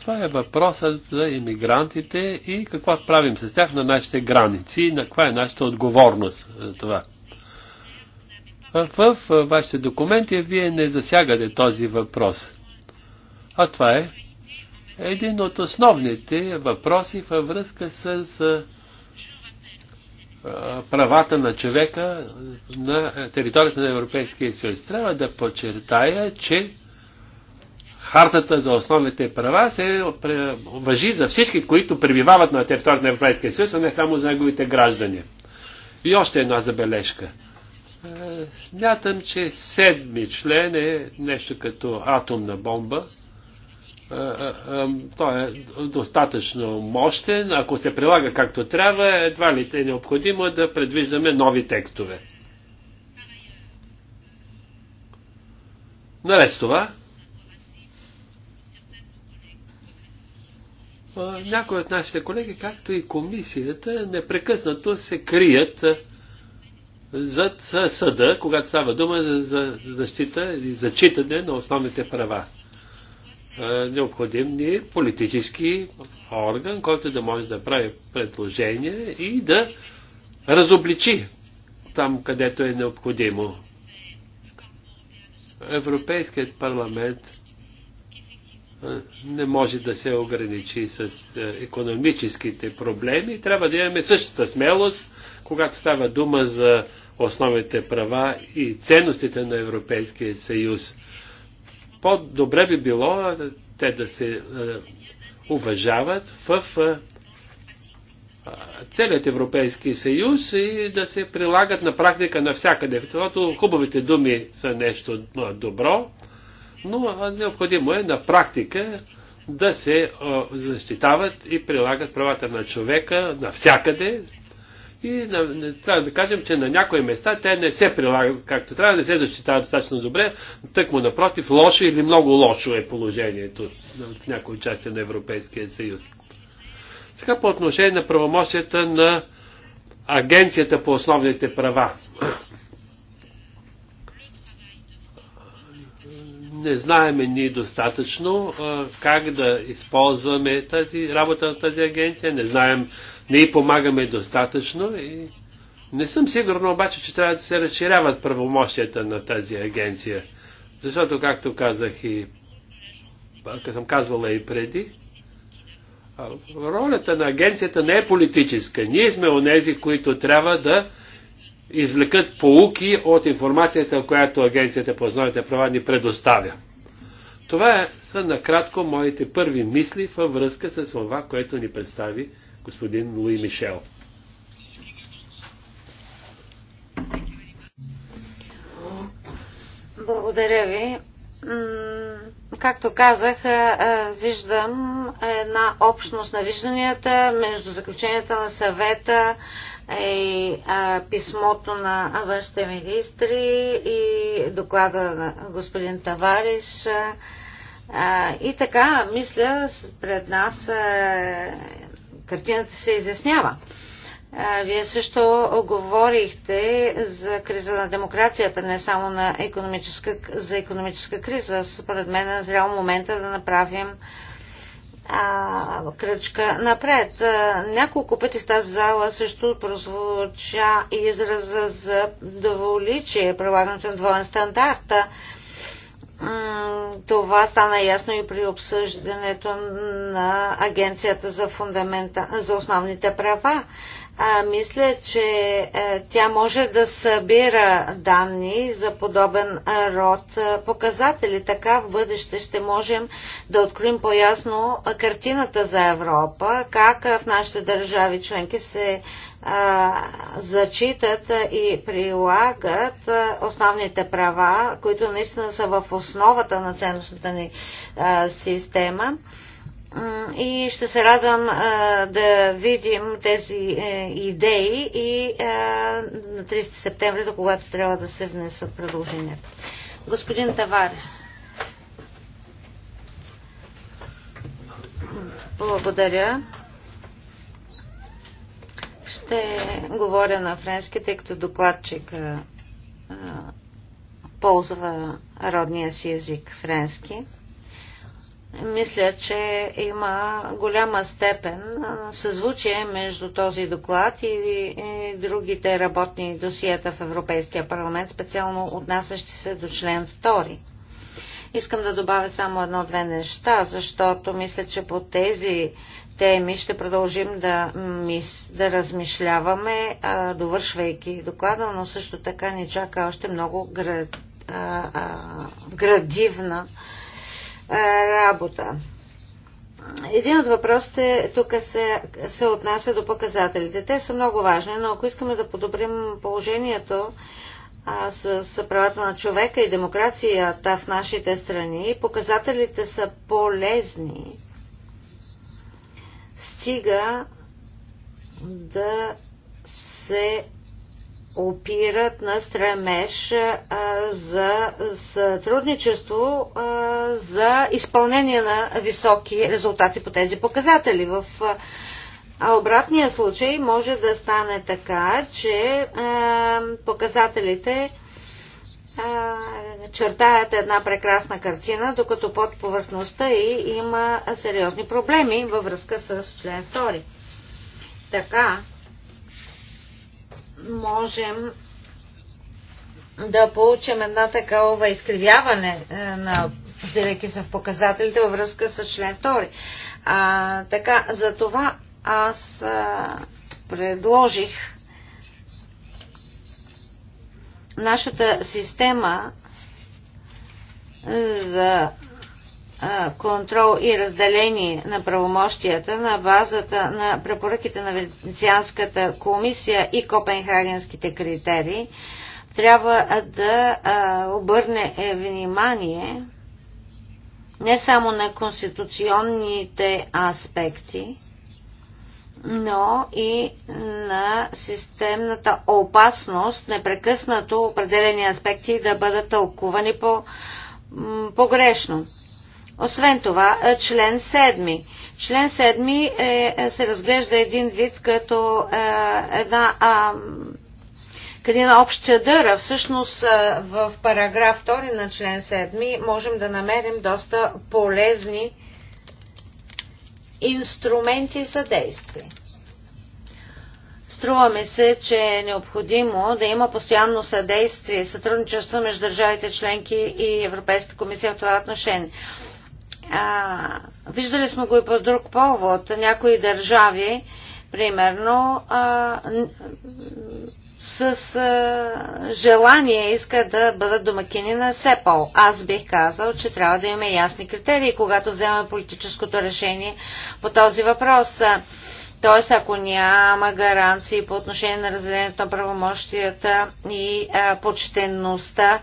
това е въпросът за иммигрантите и какво правим с тях на нашите граници на каква е нашата отговорност за това. В вашите документи вие не засягате този въпрос. А това е един от основните въпроси във връзка с правата на човека на територията на Европейския съюз. Трябва да подчертая, че Хартата за основните права се въжи за всички, които пребивават на територията на Европейския съюз, а не само за неговите граждани. И още една забележка – е, смятам, че седми член е нещо като атомна бомба. Е, е, той е достатъчно мощен. Ако се прилага както трябва, едва ли е необходимо да предвиждаме нови текстове. Наред с това, някои от нашите колеги, както и комисията, непрекъснато се крият зад съда, когато става дума за защита и зачитане на основните права. Е, необходим ни политически орган, който да може да прави предложения и да разобличи там, където е необходимо. Европейският парламент е, не може да се ограничи с е, економическите проблеми. Трябва да имаме същата смелост когато става дума за основните права и ценностите на Европейския съюз. По-добре би било те да се уважават в целият Европейски съюз и да се прилагат на практика навсякъде. Защото хубавите думи са нещо добро, но необходимо е на практика да се защитават и прилагат правата на човека навсякъде, и трябва да кажем, че на някои места те не се прилагат както трябва, не се защитават достатъчно добре, тък му напротив, лошо или много лошо е положението в някои части на Европейския съюз. Сега по отношение на правомощията на Агенцията по основните права. не знаеме ние достатъчно как да използваме тази работа на тази агенция, не знаем, не й помагаме достатъчно и не съм сигурна обаче, че трябва да се разширяват правомощията на тази агенция. Защото, както казах и съм казвала и преди, ролята на агенцията не е политическа. Ние сме онези, които трябва да извлекат полуки от информацията, която Агенцията по основните права ни предоставя. Това е, са накратко моите първи мисли във връзка с това, което ни представи господин Луи Мишел. Благодаря ви. Както казах, виждам една общност на вижданията между заключенията на съвета и писмото на външните министри и доклада на господин Тавариш. И така, мисля, пред нас картината се изяснява. Вие също говорихте за криза на демокрацията, не само на економическа, за економическа криза. Според мен е зрял момента е да направим а, кръчка напред. Няколко пъти в тази зала също прозвуча израза за доволичие, прилагането на двоен стандарт. Това стана ясно и при обсъждането на Агенцията за, фундамента, за основните права а, мисля, че а, е, тя може да събира данни за подобен е, род а, е, показатели. Така в бъдеще ще можем да откроим по-ясно картината за Европа, как в нашите държави членки се а, зачитат и прилагат основните права, които наистина са в основата на ценностната ни а, система и ще се радвам да видим тези е, идеи и е, на 30 септември, до когато трябва да се внесат предложенията. Господин Таварес. Благодаря. Ще говоря на френски, тъй като докладчик е, ползва родния си език френски. Мисля, че има голяма степен съзвучие между този доклад и, и другите работни досиета в Европейския парламент, специално отнасящи се до член 2. Искам да добавя само едно-две неща, защото мисля, че по тези теми ще продължим да, мис, да размишляваме, а, довършвайки доклада, но също така ни чака още много град, а, а, градивна работа. Един от въпросите тук се, се отнася до показателите. Те са много важни, но ако искаме да подобрим положението а, с, с правата на човека и демокрацията в нашите страни, показателите са полезни. Стига да се опират на стремеж за сътрудничество за изпълнение на високи резултати по тези показатели. В обратния случай може да стане така, че показателите чертаят една прекрасна картина, докато под повърхността и има сериозни проблеми във връзка с член 2. Така, можем да получим една такава изкривяване е, на взирайки се в показателите във връзка с член 2. А, така, за това аз а, е, предложих нашата система е, за контрол и разделение на правомощията на базата на препоръките на Венецианската комисия и копенхагенските критерии, трябва да обърне внимание не само на конституционните аспекти, но и на системната опасност непрекъснато определени аспекти да бъдат тълкувани по погрешно. Освен това, е, член 7. Член 7 е, е, се разглежда един вид като е, една като един общ всъщност е, в параграф 2 на член 7 можем да намерим доста полезни инструменти за действие. Струва ми се, че е необходимо да има постоянно съдействие и сътрудничество между държавите членки и Европейската комисия в това отношение. А, виждали сме го и по друг повод. Някои държави, примерно, а, с а, желание искат да бъдат домакини на СЕПОЛ. Аз бих казал, че трябва да имаме ясни критерии, когато вземаме политическото решение по този въпрос. А, т.е. ако няма гаранции по отношение на разделението на правомощията и а, почтенността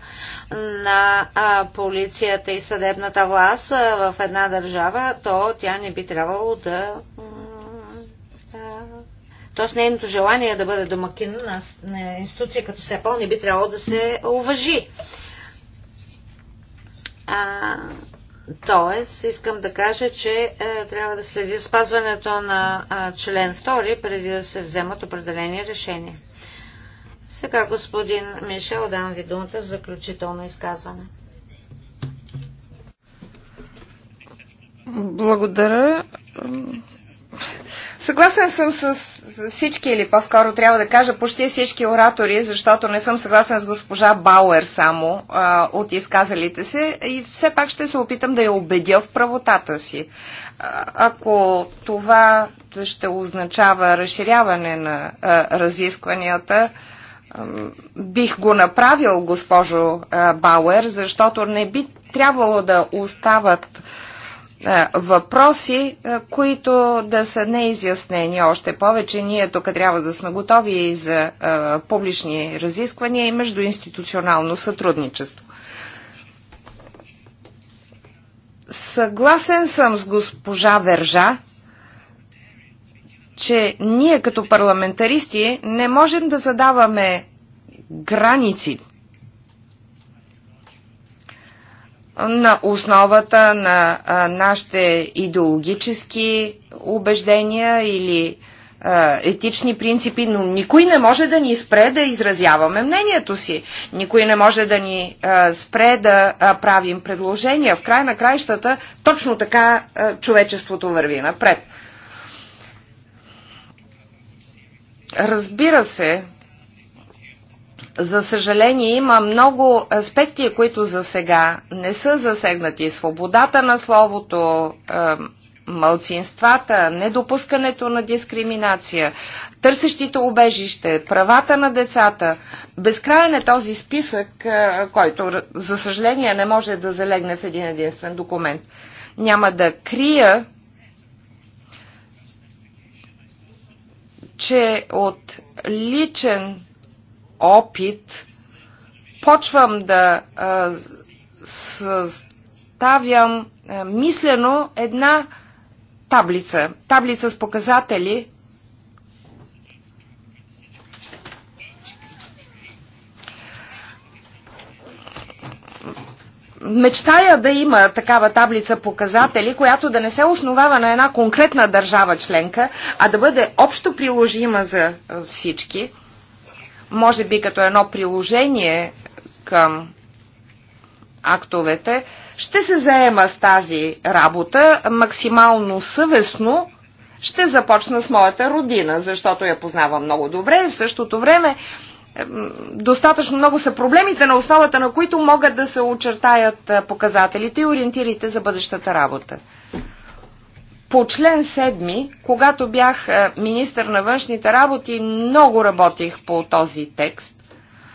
на а, полицията и съдебната власт а, в една държава, то тя не би трябвало да. Тоест нейното желание да бъде домакин на, на институция като СЕПОЛ не би трябвало да се уважи. А, Тоест, искам да кажа, че е, трябва да следи спазването на е, член 2 преди да се вземат определени решения. Сега, господин Мишел, дам ви думата за заключително изказване. Благодаря. Съгласен съм с всички, или по-скоро трябва да кажа почти всички оратори, защото не съм съгласен с госпожа Бауер само а, от изказалите се и все пак ще се опитам да я убедя в правотата си. А, ако това ще означава разширяване на а, разискванията, а, бих го направил, госпожо а, Бауер, защото не би трябвало да остават е, въпроси, е, които да са неизяснени. Още повече ние тук трябва да сме готови и за е, публични разисквания и междуинституционално сътрудничество. Съгласен съм с госпожа Вержа, че ние като парламентаристи не можем да задаваме граници на основата на нашите идеологически убеждения или етични принципи, но никой не може да ни спре да изразяваме мнението си. Никой не може да ни спре да правим предложения. В край на краищата точно така човечеството върви напред. Разбира се, за съжаление, има много аспекти, които за сега не са засегнати. Свободата на словото, е, мълцинствата, недопускането на дискриминация, търсещите убежище, правата на децата. Безкраен е този списък, е, който, за съжаление, не може да залегне в един единствен документ. Няма да крия, че от личен опит, почвам да съставям мислено една таблица, таблица с показатели, мечтая да има такава таблица показатели, която да не се основава на една конкретна държава членка, а да бъде общо приложима за всички може би като едно приложение към актовете, ще се заема с тази работа максимално съвестно, ще започна с моята родина, защото я познавам много добре и в същото време достатъчно много са проблемите, на основата на които могат да се очертаят показателите и ориентирите за бъдещата работа по член 7, когато бях е, министър на външните работи, много работих по този текст,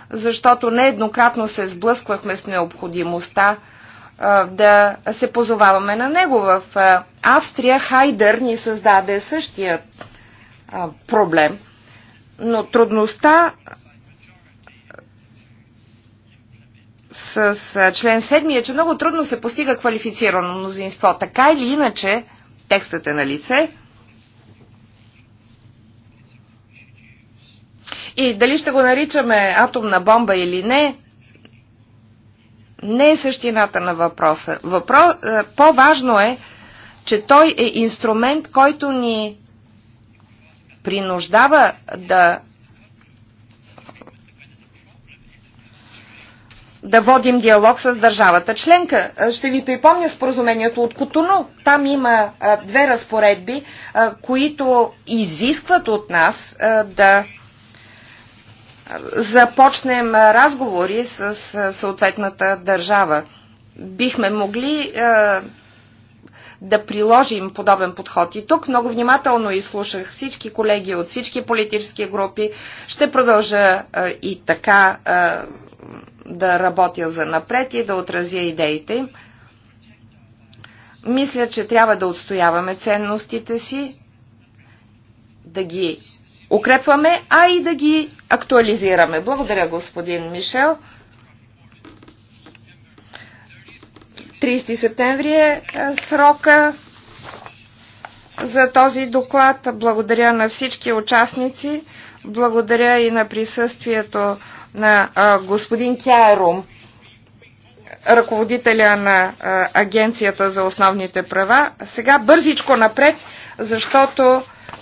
защото нееднократно се сблъсквахме с необходимостта е, да се позоваваме на него. В е, Австрия Хайдер ни създаде същия проблем, но трудността с член 7 е, че много трудно се постига квалифицирано мнозинство. Така или иначе, Текстът е на лице. И дали ще го наричаме атомна бомба или не, не е същината на въпроса. Въпро... Е, по-важно е, че той е инструмент, който ни принуждава да да водим диалог с държавата членка. Ще ви припомня споразумението от Котону. Там има две разпоредби, които изискват от нас да започнем разговори с съответната държава. Бихме могли да приложим подобен подход. И тук много внимателно изслушах всички колеги от всички политически групи. Ще продължа и така да работя за напред и да отразя идеите им. Мисля, че трябва да отстояваме ценностите си, да ги укрепваме, а и да ги актуализираме. Благодаря, господин Мишел. 30 септември е, е срока за този доклад. Благодаря на всички участници. Благодаря и на присъствието на господин Кяерум, ръководителя на Агенцията за основните права. Сега бързичко напред, защото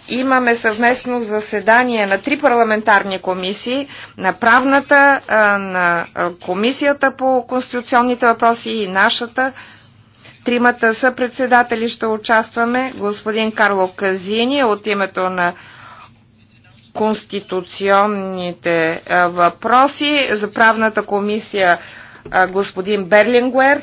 имаме съвместно заседание на три парламентарни комисии, на правната, на комисията по конституционните въпроси и нашата. Тримата съпредседатели ще участваме. Господин Карло Казини е от името на конституционните въпроси. За правната комисия господин Берлингуер.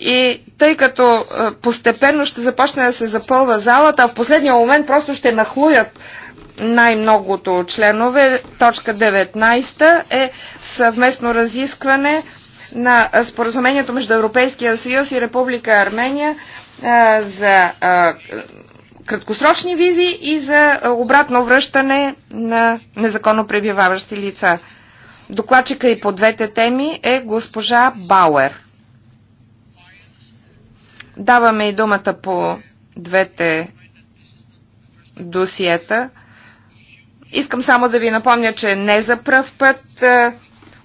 И тъй като постепенно ще започне да се запълва залата, а в последния момент просто ще нахлуят най-многото членове. Точка 19 е съвместно разискване на споразумението между Европейския съюз и Република Армения за краткосрочни визи и за обратно връщане на незаконно пребиваващи лица. Докладчика и по двете теми е госпожа Бауер. Даваме и думата по двете досиета. Искам само да ви напомня, че не за пръв път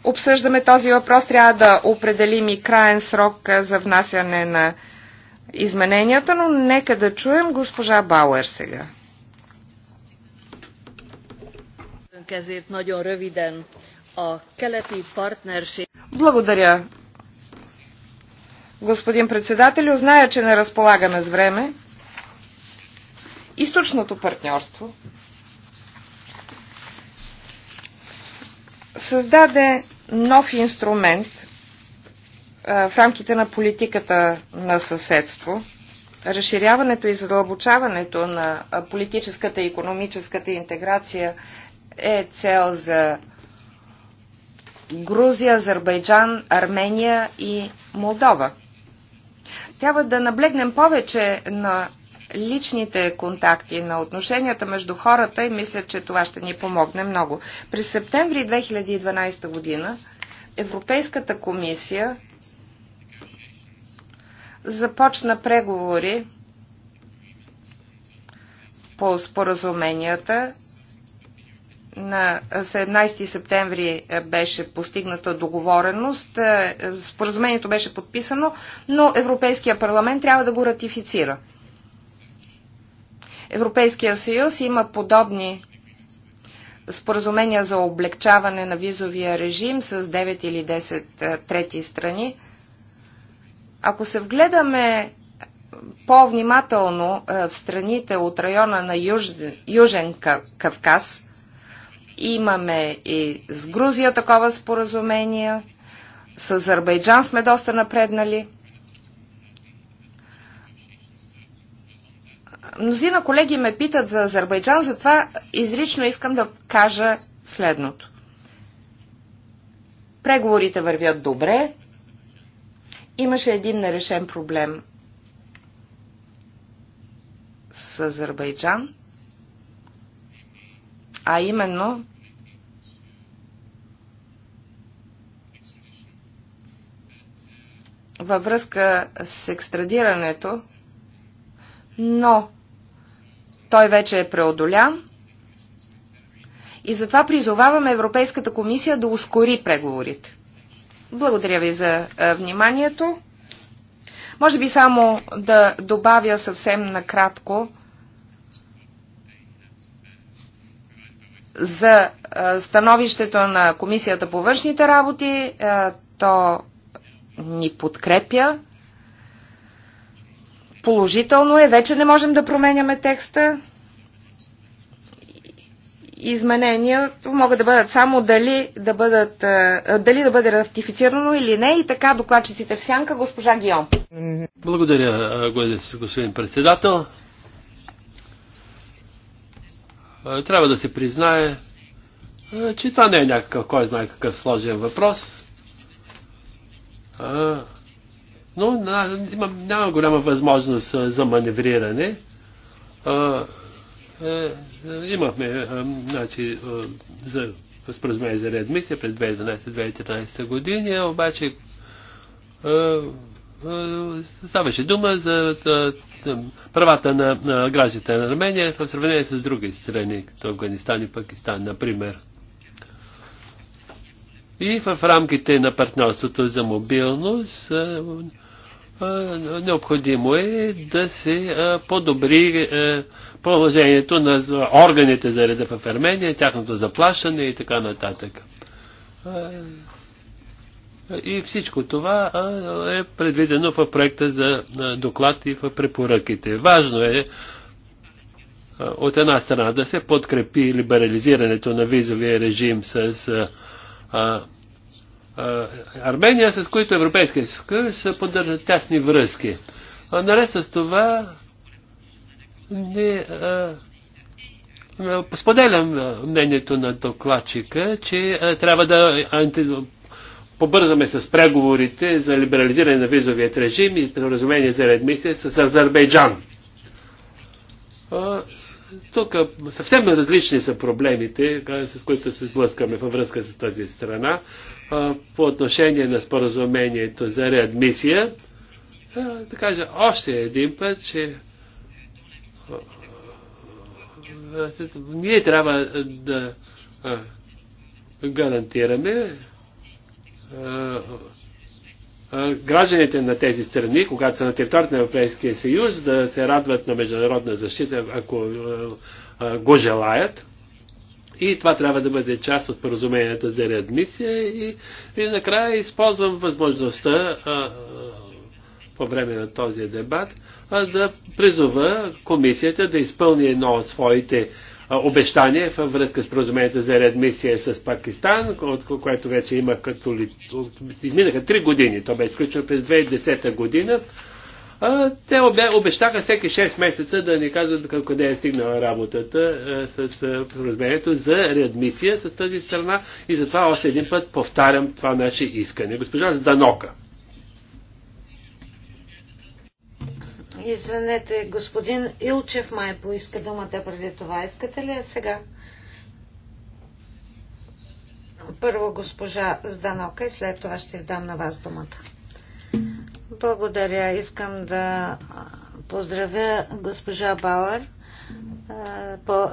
обсъждаме този въпрос. Трябва да определим и краен срок за внасяне на измененията, но нека да чуем госпожа Бауер сега. Благодаря. Господин председател, зная, че не разполагаме с време. Източното партньорство създаде нов инструмент, в рамките на политиката на съседство. Разширяването и задълбочаването на политическата и економическата интеграция е цел за Грузия, Азербайджан, Армения и Молдова. Трябва да наблегнем повече на личните контакти, на отношенията между хората и мисля, че това ще ни помогне много. През септември 2012 година Европейската комисия започна преговори по споразуменията. На 17 септември беше постигната договореност. Споразумението беше подписано, но Европейския парламент трябва да го ратифицира. Европейския съюз има подобни споразумения за облегчаване на визовия режим с 9 или 10 трети страни – ако се вгледаме по-внимателно е, в страните от района на Южен, Южен Кавказ, имаме и с Грузия такова споразумение, с Азербайджан сме доста напреднали. Мнозина колеги ме питат за Азербайджан, затова изрично искам да кажа следното. Преговорите вървят добре, Имаше един нерешен проблем с Азербайджан, а именно във връзка с екстрадирането, но той вече е преодолян и затова призоваваме Европейската комисия да ускори преговорите. Благодаря ви за е, вниманието. Може би само да добавя съвсем накратко за е, становището на Комисията по външните работи. Е, то ни подкрепя. Положително е, вече не можем да променяме текста изменения могат да бъдат само дали да, бъдат, е, дали да бъде ратифицирано или не и така докладчиците в сянка госпожа Гион. Благодаря, е, господин председател. Е, трябва да се признае, че това не е някакъв, кой знае какъв сложен въпрос. Но няма голяма възможност за маневриране е, е, имахме е, значи, за споразумение за реадмисия през 2012-2013 години, обаче ставаше дума за правата на гражданите на Армения в сравнение с други страни, като Афганистан и Пакистан, например. И в рамките на партньорството за мобилност необходимо е да се подобри положението на органите за реда в Армения, тяхното заплащане и така нататък. И всичко това е предвидено в проекта за доклад и в препоръките. Важно е от една страна да се подкрепи либерализирането на визовия режим с а, а, Армения, с които Европейския съюз поддържа тясни връзки. А наред с това не, а, споделям мнението на докладчика, че а, трябва да анти, побързаме с преговорите за либерализиране на визовият режим и споразумение за редмисия с Азербайджан. тук съвсем различни са проблемите, с които се сблъскаме във връзка с тази страна. По отношение на споразумението за реадмисия, да кажа още един път, че ние трябва да гарантираме гражданите на тези страни, когато са на територията на Европейския съюз, да се радват на международна защита, ако го желаят. И това трябва да бъде част от споразуменията за реадмисия. И, и накрая използвам възможността а, по време на този дебат, а да призова комисията да изпълни едно от своите обещания във връзка с прозумението за реадмисия с Пакистан, от което вече има като ли... изминаха 3 години, то бе изключено през 2010 година. А, те обещаха всеки 6 месеца да ни казват къде е стигнала работата а, с а, споразумението за реадмисия с тази страна и затова още един път повтарям това наше искане. Госпожа Зданока. Извинете, господин Илчев май поиска думата преди това. Искате ли я сега? Първо госпожа Зданока и след това ще ви дам на вас думата. Благодаря. Искам да поздравя госпожа Бауер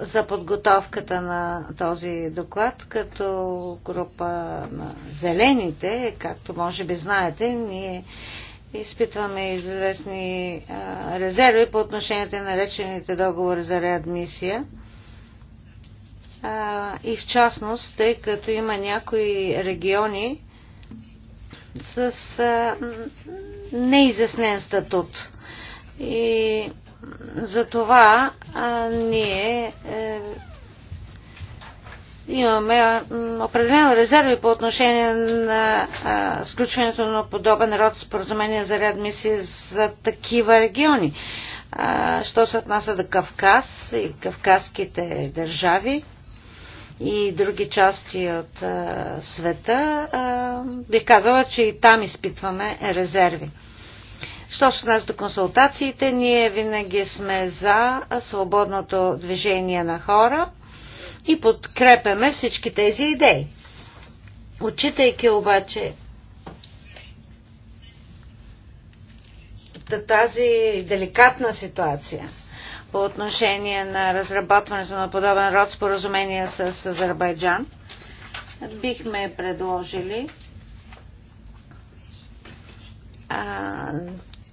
за подготовката на този доклад. Като група на зелените, както може би знаете, ние изпитваме известни а, резерви по отношение на наречените договори за реадмисия. А, и в частност, тъй като има някои региони с а, неизяснен статут. И за това а, ние е, имаме определено резерви по отношение на а, сключването на подобен род споразумения за реадмисии за такива региони. А, що се отнася до Кавказ и кавказските държави и други части от а, света, а, бих казала, че и там изпитваме резерви. Що се нас до консултациите, ние винаги сме за свободното движение на хора и подкрепяме всички тези идеи. Отчитайки обаче тази деликатна ситуация по отношение на разработването на подобен род споразумения с Азербайджан, бихме предложили а,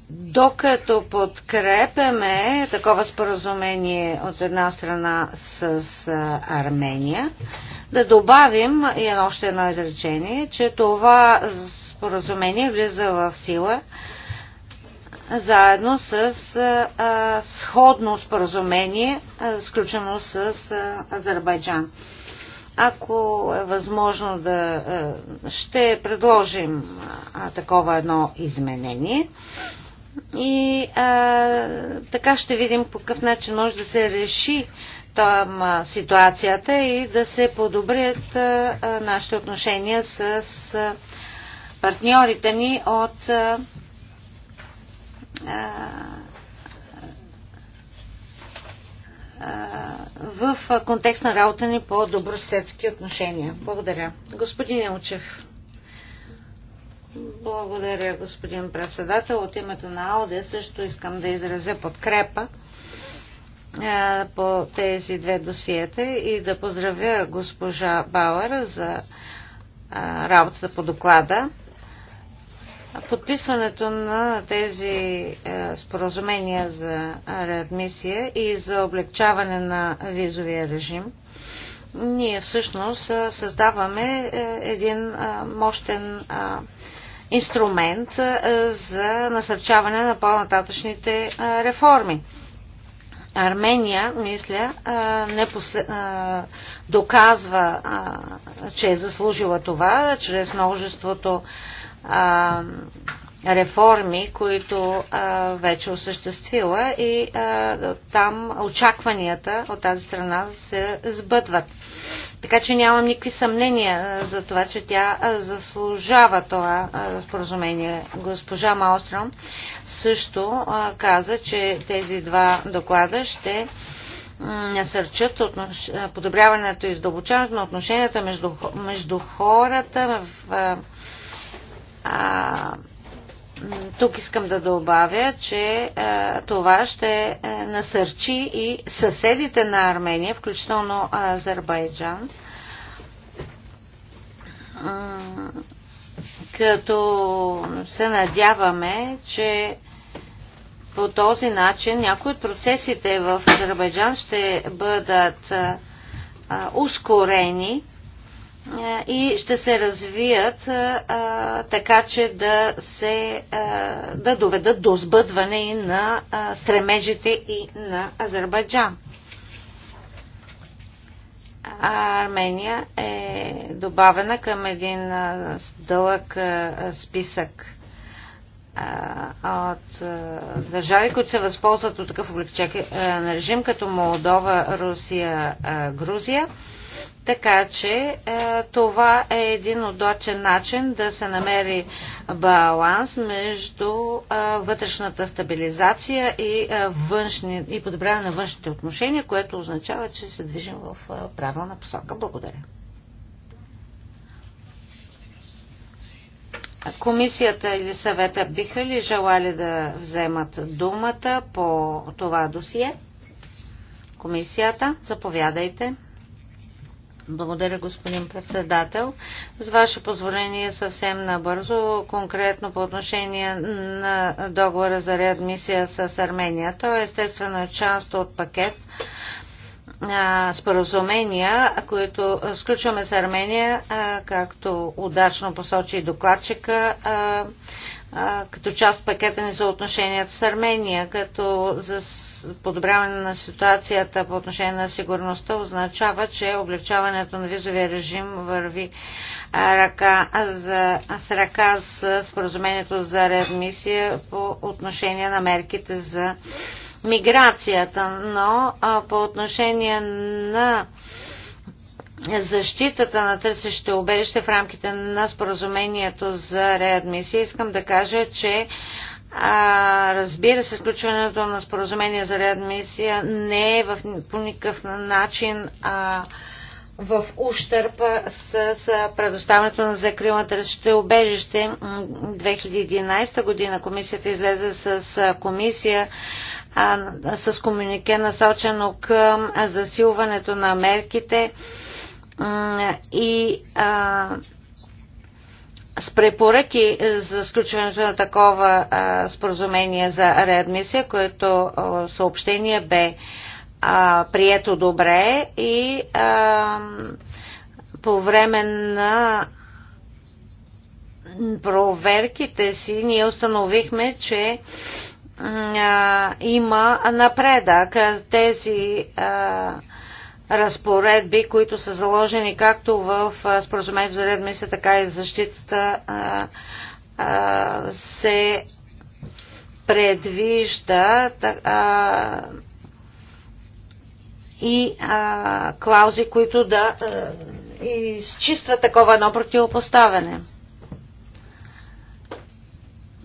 докато подкрепяме такова споразумение от една страна с Армения, да добавим и още едно изречение, че това споразумение влиза в сила заедно с а, сходно споразумение, а, сключено с а, Азербайджан. Ако е възможно да а, ще предложим а, такова едно изменение. А, и а, така ще видим по какъв начин може да се реши там а, ситуацията и да се подобрят а, а, нашите отношения с а, партньорите ни от а, а, в контекст на работа ни по добросъседски отношения. Благодаря. Господин Елчев. Благодаря, господин председател. От името на АОДЕ също искам да изразя подкрепа по тези две досиета и да поздравя госпожа Бауер за работата по доклада. Подписването на тези споразумения за реадмисия и за облегчаване на визовия режим, ние всъщност създаваме един мощен инструмент за насърчаване на по-нататъчните реформи. Армения, мисля, не после... доказва, че е заслужила това чрез множеството реформи, които а, вече осъществила и а, там очакванията от тази страна се сбъдват. Така че нямам никакви съмнения за това, че тя заслужава това споразумение. Госпожа Маостром също а, каза, че тези два доклада ще насърчат отнош... подобряването и издълбочаването на отношенията между, между хората в а, тук искам да добавя, че е, това ще е, насърчи и съседите на Армения, включително е, Азербайджан, като се надяваме, че по този начин някои от процесите в Азербайджан ще бъдат ускорени е, и ще се развият а, е, е, така, че да се а, да доведат до сбъдване и на а, стремежите и на Азербайджан. Армения е добавена към един а, дълъг а, списък от държави, които се възползват от такъв облегчен режим, като Молдова, Русия, Грузия. Така че е, това е един удачен начин да се намери баланс между е, вътрешната стабилизация и, е, външни, и подобряване на външните отношения, което означава, че се движим в правилна посока. Благодаря. Комисията или съвета биха ли желали да вземат думата по това досие? Комисията, заповядайте. Благодаря, господин председател. С ваше позволение съвсем набързо, конкретно по отношение на договора за реадмисия с Армения. Той е естествено е част от пакет споразумения, които сключваме с Армения, както удачно посочи докладчика, като част от пакета ни за отношенията с Армения, като за подобряване на ситуацията по отношение на сигурността означава, че облегчаването на визовия режим върви ръка, за, с ръка с споразумението за реадмисия по отношение на мерките за миграцията, но а, по отношение на защитата на търсещите убежище в рамките на споразумението за реадмисия, искам да кажа, че а, разбира се, включването на споразумение за реадмисия не е в, по никакъв начин а, в ущърпа с, с предоставянето на закрила на търсещите убежище. 2011 година комисията излезе с комисия а, с комюнике насочено към засилването на мерките и а, с препоръки за сключването на такова а, споразумение за реадмисия, което а, съобщение бе а, прието добре и а, по време на проверките си ние установихме, че а, има напредък. Тези а, разпоредби, които са заложени както в споразумението за редмисия, така и защитата се предвижда а, и а, клаузи, които да а, изчистват такова едно противопоставяне.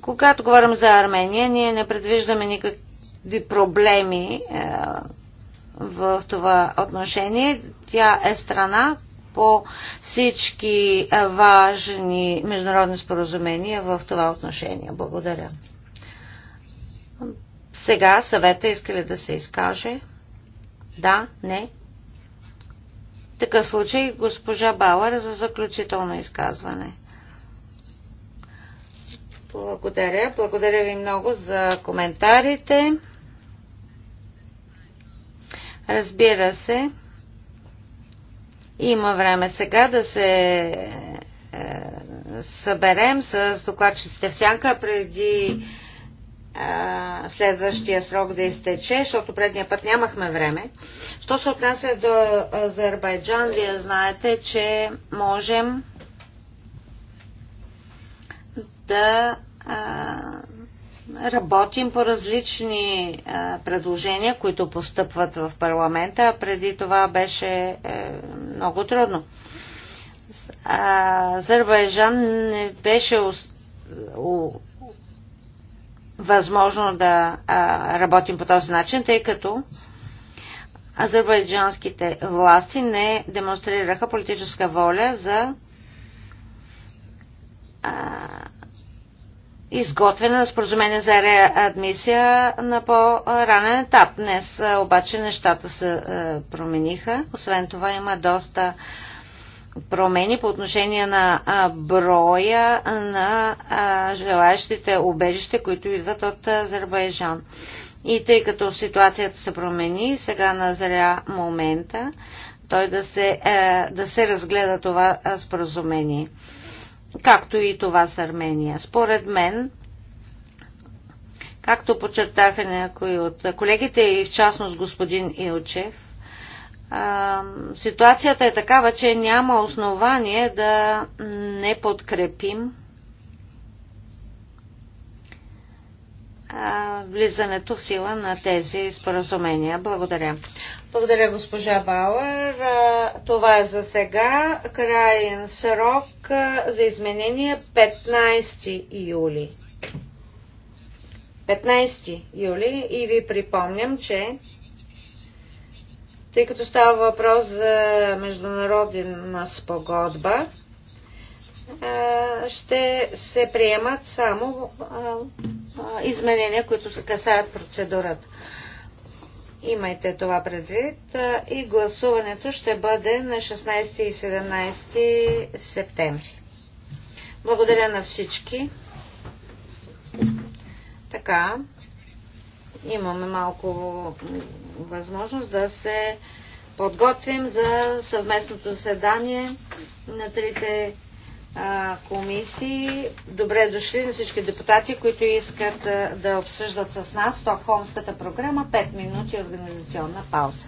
Когато говорим за Армения, ние не предвиждаме никакви проблеми а, в това отношение. Тя е страна по всички важни международни споразумения в това отношение. Благодаря. Сега съвета иска ли да се изкаже? Да, не. В такъв случай госпожа Бауер за заключително изказване. Благодаря. Благодаря ви много за коментарите. Разбира се, има време сега да се е, съберем с докладчиците всяка сянка преди е, следващия срок да изтече, защото предния път нямахме време. Що се отнася до Азербайджан, вие знаете, че можем да е, работим по различни а, предложения, които постъпват в парламента, а преди това беше е, много трудно. Азербайджан не беше у, възможно да а, работим по този начин, тъй като азербайджанските власти не демонстрираха политическа воля за а, изготвяне на споразумение за реадмисия на по-ранен етап. Днес обаче нещата се промениха. Освен това има доста промени по отношение на броя на желаящите убежище, които идват от Азербайджан. И тъй като ситуацията се промени, сега назря момента той да се, е, да се разгледа това споразумение както и това с Армения. Според мен, както подчертаха някои от колегите и в частност господин Илчев, ситуацията е такава, че няма основание да не подкрепим влизането в сила на тези споразумения. Благодаря. Благодаря, госпожа Бауер. Това е за сега. Крайен срок за изменение 15 юли. 15 юли и ви припомням, че тъй като става въпрос за международна спогодба, ще се приемат само изменения, които се касаят процедурата. Имайте това предвид и гласуването ще бъде на 16 и 17 септември. Благодаря на всички. Така, имаме малко възможност да се подготвим за съвместното заседание на трите комисии. Добре дошли на всички депутати, които искат да обсъждат с нас Стокхолмската програма. 5 минути организационна пауза.